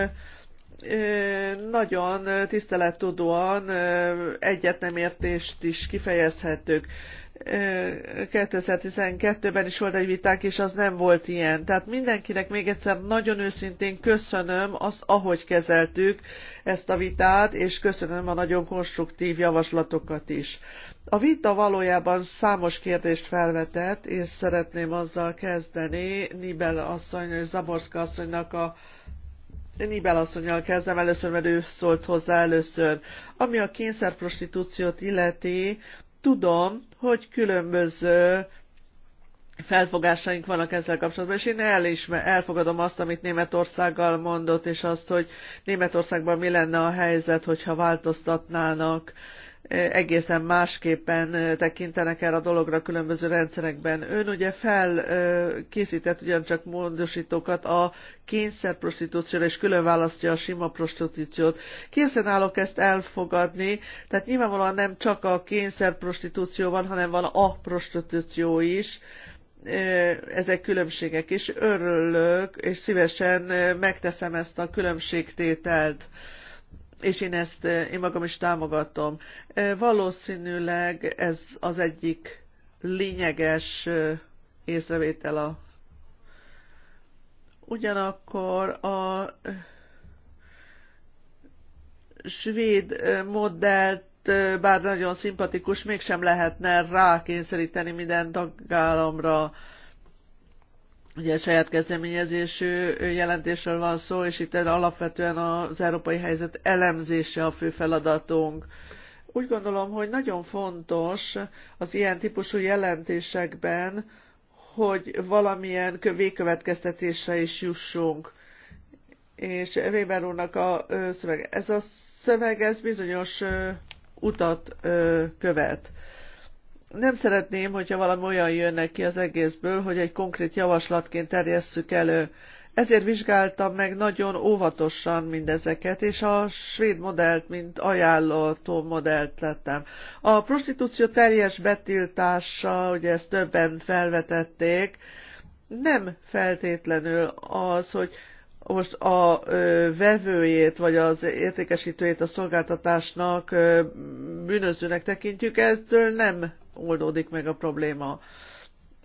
nagyon tisztelettudóan egyet nem értést is kifejezhetők. 2012-ben is volt egy viták, és az nem volt ilyen. Tehát mindenkinek még egyszer nagyon őszintén köszönöm azt, ahogy kezeltük ezt a vitát, és köszönöm a nagyon konstruktív javaslatokat is. A vita valójában számos kérdést felvetett, és szeretném azzal kezdeni Nibel asszony és Zaborszka asszonynak a Nibel asszonyjal kezdem először, mert ő szólt hozzá először. Ami a kényszerprostitúciót illeti, tudom, hogy különböző felfogásaink vannak ezzel kapcsolatban, és én elismer, elfogadom azt, amit Németországgal mondott, és azt, hogy Németországban mi lenne a helyzet, hogyha változtatnának uh, egészen másképpen tekintenek erre a dologra különböző rendszerekben. Ön ugye felkészített ugyancsak módosítókat a prostitúcióra, és külön választja a sima prostitúciót. Készen állok ezt elfogadni, tehát nyilvánvalóan nem csak a prostitúció van, hanem van a prostitúció is, ezek különbségek, és örülök, és szívesen megteszem ezt a különbségtételt és én ezt eh, én magam is támogatom. Eh, valószínűleg ez az egyik lényeges eh, észrevétel a Ugyanakkor a svéd modellt bár nagyon szimpatikus, mégsem lehetne rákényszeríteni minden tagállamra. Ugye saját kezdeményezésű jelentésről van szó, és itt alapvetően az európai helyzet elemzése a fő feladatunk. Úgy gondolom, hogy nagyon fontos az ilyen típusú jelentésekben, hogy valamilyen végkövetkeztetésre is jussunk. És Weber úrnak a szöveg, ez a szöveg, ez bizonyos utat követ nem szeretném, hogyha valami olyan jönne ki az egészből, hogy egy konkrét javaslatként terjesszük elő. Ezért vizsgáltam meg nagyon óvatosan mindezeket, és a svéd modellt, mint ajánlató modellt lettem. A prostitúció teljes betiltása, ugye ezt többen felvetették, nem feltétlenül az, hogy most a ö, vevőjét, vagy az értékesítőjét a szolgáltatásnak ö, bűnözőnek tekintjük, eztől nem oldódik meg a probléma.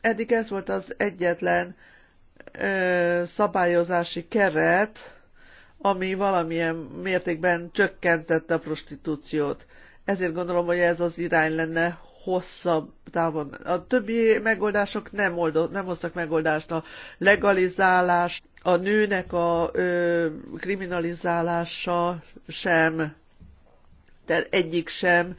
Eddig ez volt az egyetlen ö, szabályozási keret, ami valamilyen mértékben csökkentette a prostitúciót. Ezért gondolom, hogy ez az irány lenne hosszabb távon. A többi megoldások nem, oldott, nem hoztak megoldást. A legalizálás, a nőnek a ö, kriminalizálása sem, tehát egyik sem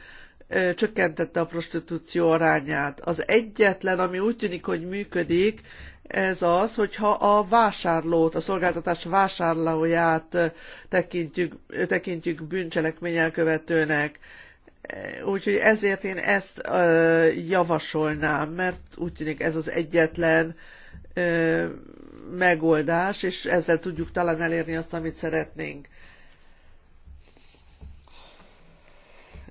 csökkentette a prostitúció arányát. Az egyetlen, ami úgy tűnik, hogy működik, ez az, hogyha a vásárlót, a szolgáltatás vásárlóját tekintjük, tekintjük bűncselekmény elkövetőnek. Úgyhogy ezért én ezt ö, javasolnám, mert úgy tűnik ez az egyetlen ö, megoldás, és ezzel tudjuk talán elérni azt, amit szeretnénk.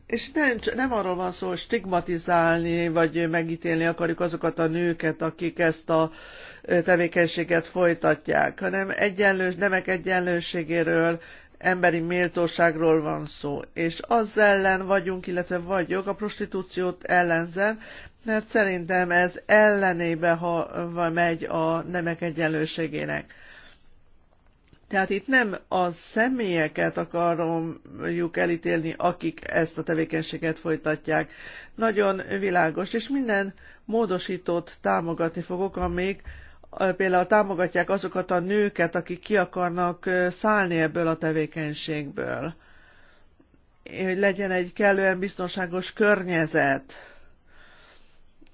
És nem, nem arról van szó, hogy stigmatizálni, vagy megítélni akarjuk azokat a nőket, akik ezt a tevékenységet folytatják, hanem egyenlő, nemek egyenlőségéről, emberi méltóságról van szó. És az ellen vagyunk, illetve vagyok, a prostitúciót ellenzen, mert szerintem ez ellenébe ha, megy a nemek egyenlőségének. Tehát itt nem a személyeket akarjuk elítélni, akik ezt a tevékenységet folytatják. Nagyon világos, és minden módosítót támogatni fogok, amíg például támogatják azokat a nőket, akik ki akarnak szállni ebből a tevékenységből. Hogy legyen egy kellően biztonságos környezet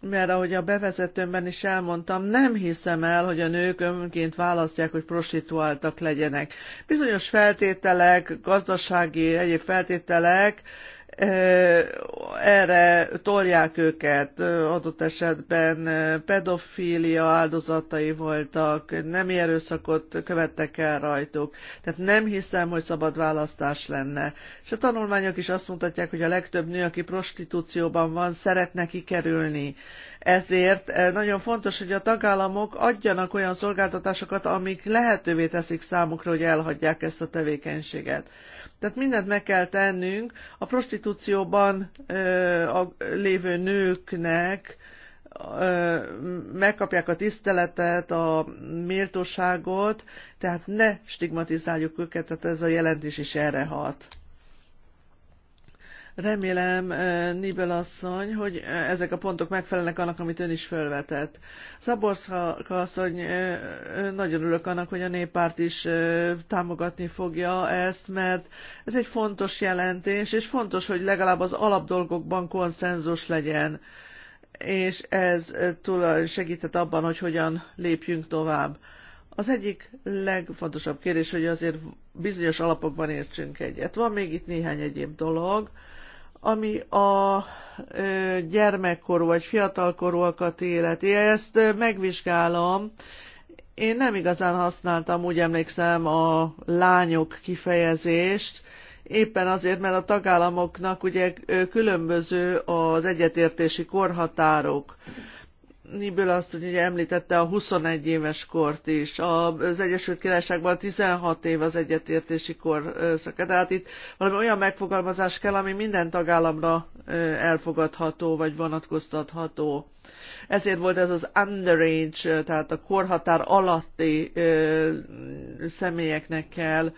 mert ahogy a bevezetőmben is elmondtam, nem hiszem el, hogy a nők önként választják, hogy prostituáltak legyenek. Bizonyos feltételek, gazdasági, egyéb feltételek erre tolják őket, adott esetben pedofília áldozatai voltak, nem erőszakot követtek el rajtuk. Tehát nem hiszem, hogy szabad választás lenne. És a tanulmányok is azt mutatják, hogy a legtöbb nő, aki prostitúcióban van, szeretne kikerülni. Ezért nagyon fontos, hogy a tagállamok adjanak olyan szolgáltatásokat, amik lehetővé teszik számukra, hogy elhagyják ezt a tevékenységet. Tehát mindent meg kell tennünk a prostitúcióban a lévő nőknek, megkapják a tiszteletet, a méltóságot, tehát ne stigmatizáljuk őket, tehát ez a jelentés is erre hat. Remélem, eh, Nibel asszony, hogy eh, ezek a pontok megfelelnek annak, amit ön is felvetett. Szaborszka asszony, eh, nagyon örülök annak, hogy a néppárt is támogatni fogja ezt, mert ez egy fontos jelentés, és fontos, hogy legalább az alapdolgokban konszenzus legyen és ez segített abban, hogy hogyan lépjünk tovább. Az egyik legfontosabb kérdés, hogy azért bizonyos alapokban értsünk egyet. Van még itt néhány egyéb dolog, ami a gyermekkorú vagy fiatalkorúakat életi. Ezt megvizsgálom. Én nem igazán használtam, úgy emlékszem, a lányok kifejezést, éppen azért, mert a tagállamoknak ugye különböző az egyetértési korhatárok. Niből azt ugye említette a 21 éves kort is. Az Egyesült Királyságban 16 év az egyetértési szöke. Tehát itt valami olyan megfogalmazás kell, ami minden tagállamra elfogadható vagy vonatkoztatható. Ezért volt ez az underage, tehát a korhatár alatti személyeknek kell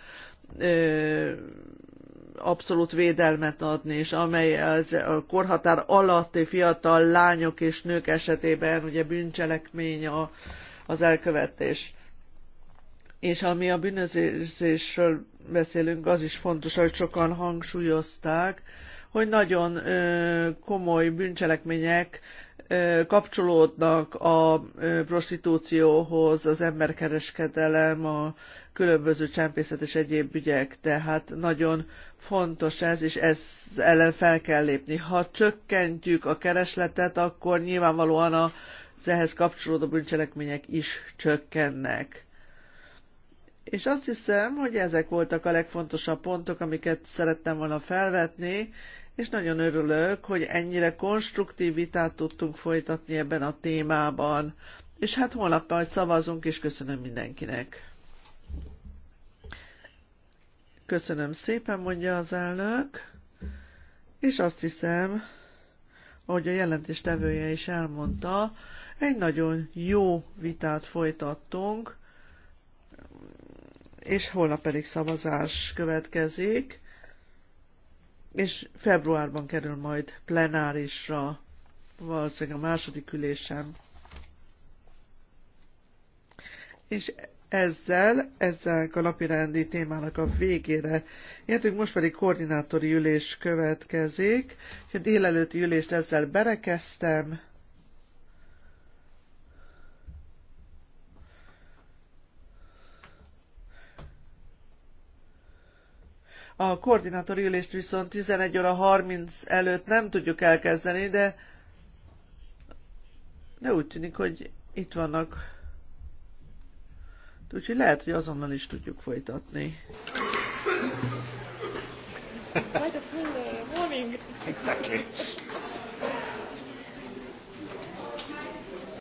abszolút védelmet adni, és amely az a korhatár alatti fiatal lányok és nők esetében ugye bűncselekmény a, az elkövetés. És ami a bűnözésről beszélünk, az is fontos, hogy sokan hangsúlyozták, hogy nagyon ö, komoly bűncselekmények ö, kapcsolódnak a ö, prostitúcióhoz, az emberkereskedelem, a különböző csempészet és egyéb ügyek, tehát nagyon fontos ez, és ez ellen fel kell lépni. Ha csökkentjük a keresletet, akkor nyilvánvalóan az ehhez kapcsolódó bűncselekmények is csökkennek. És azt hiszem, hogy ezek voltak a legfontosabb pontok, amiket szerettem volna felvetni, és nagyon örülök, hogy ennyire konstruktív vitát tudtunk folytatni ebben a témában. És hát holnap majd szavazunk, és köszönöm mindenkinek. Köszönöm szépen, mondja az elnök, és azt hiszem, ahogy a jelentéstevője is elmondta, egy nagyon jó vitát folytattunk, és holnap pedig szavazás következik, és februárban kerül majd plenárisra, valószínűleg a második ülésen. És ezzel, ezzel a napirendi témának a végére értünk, most pedig koordinátori ülés következik. A délelőtti ülést ezzel berekeztem. A koordinátori ülést viszont 11 óra 30 előtt nem tudjuk elkezdeni, de, de úgy tűnik, hogy itt vannak Úgyhogy lehet, hogy azonnal is tudjuk folytatni. Exactly.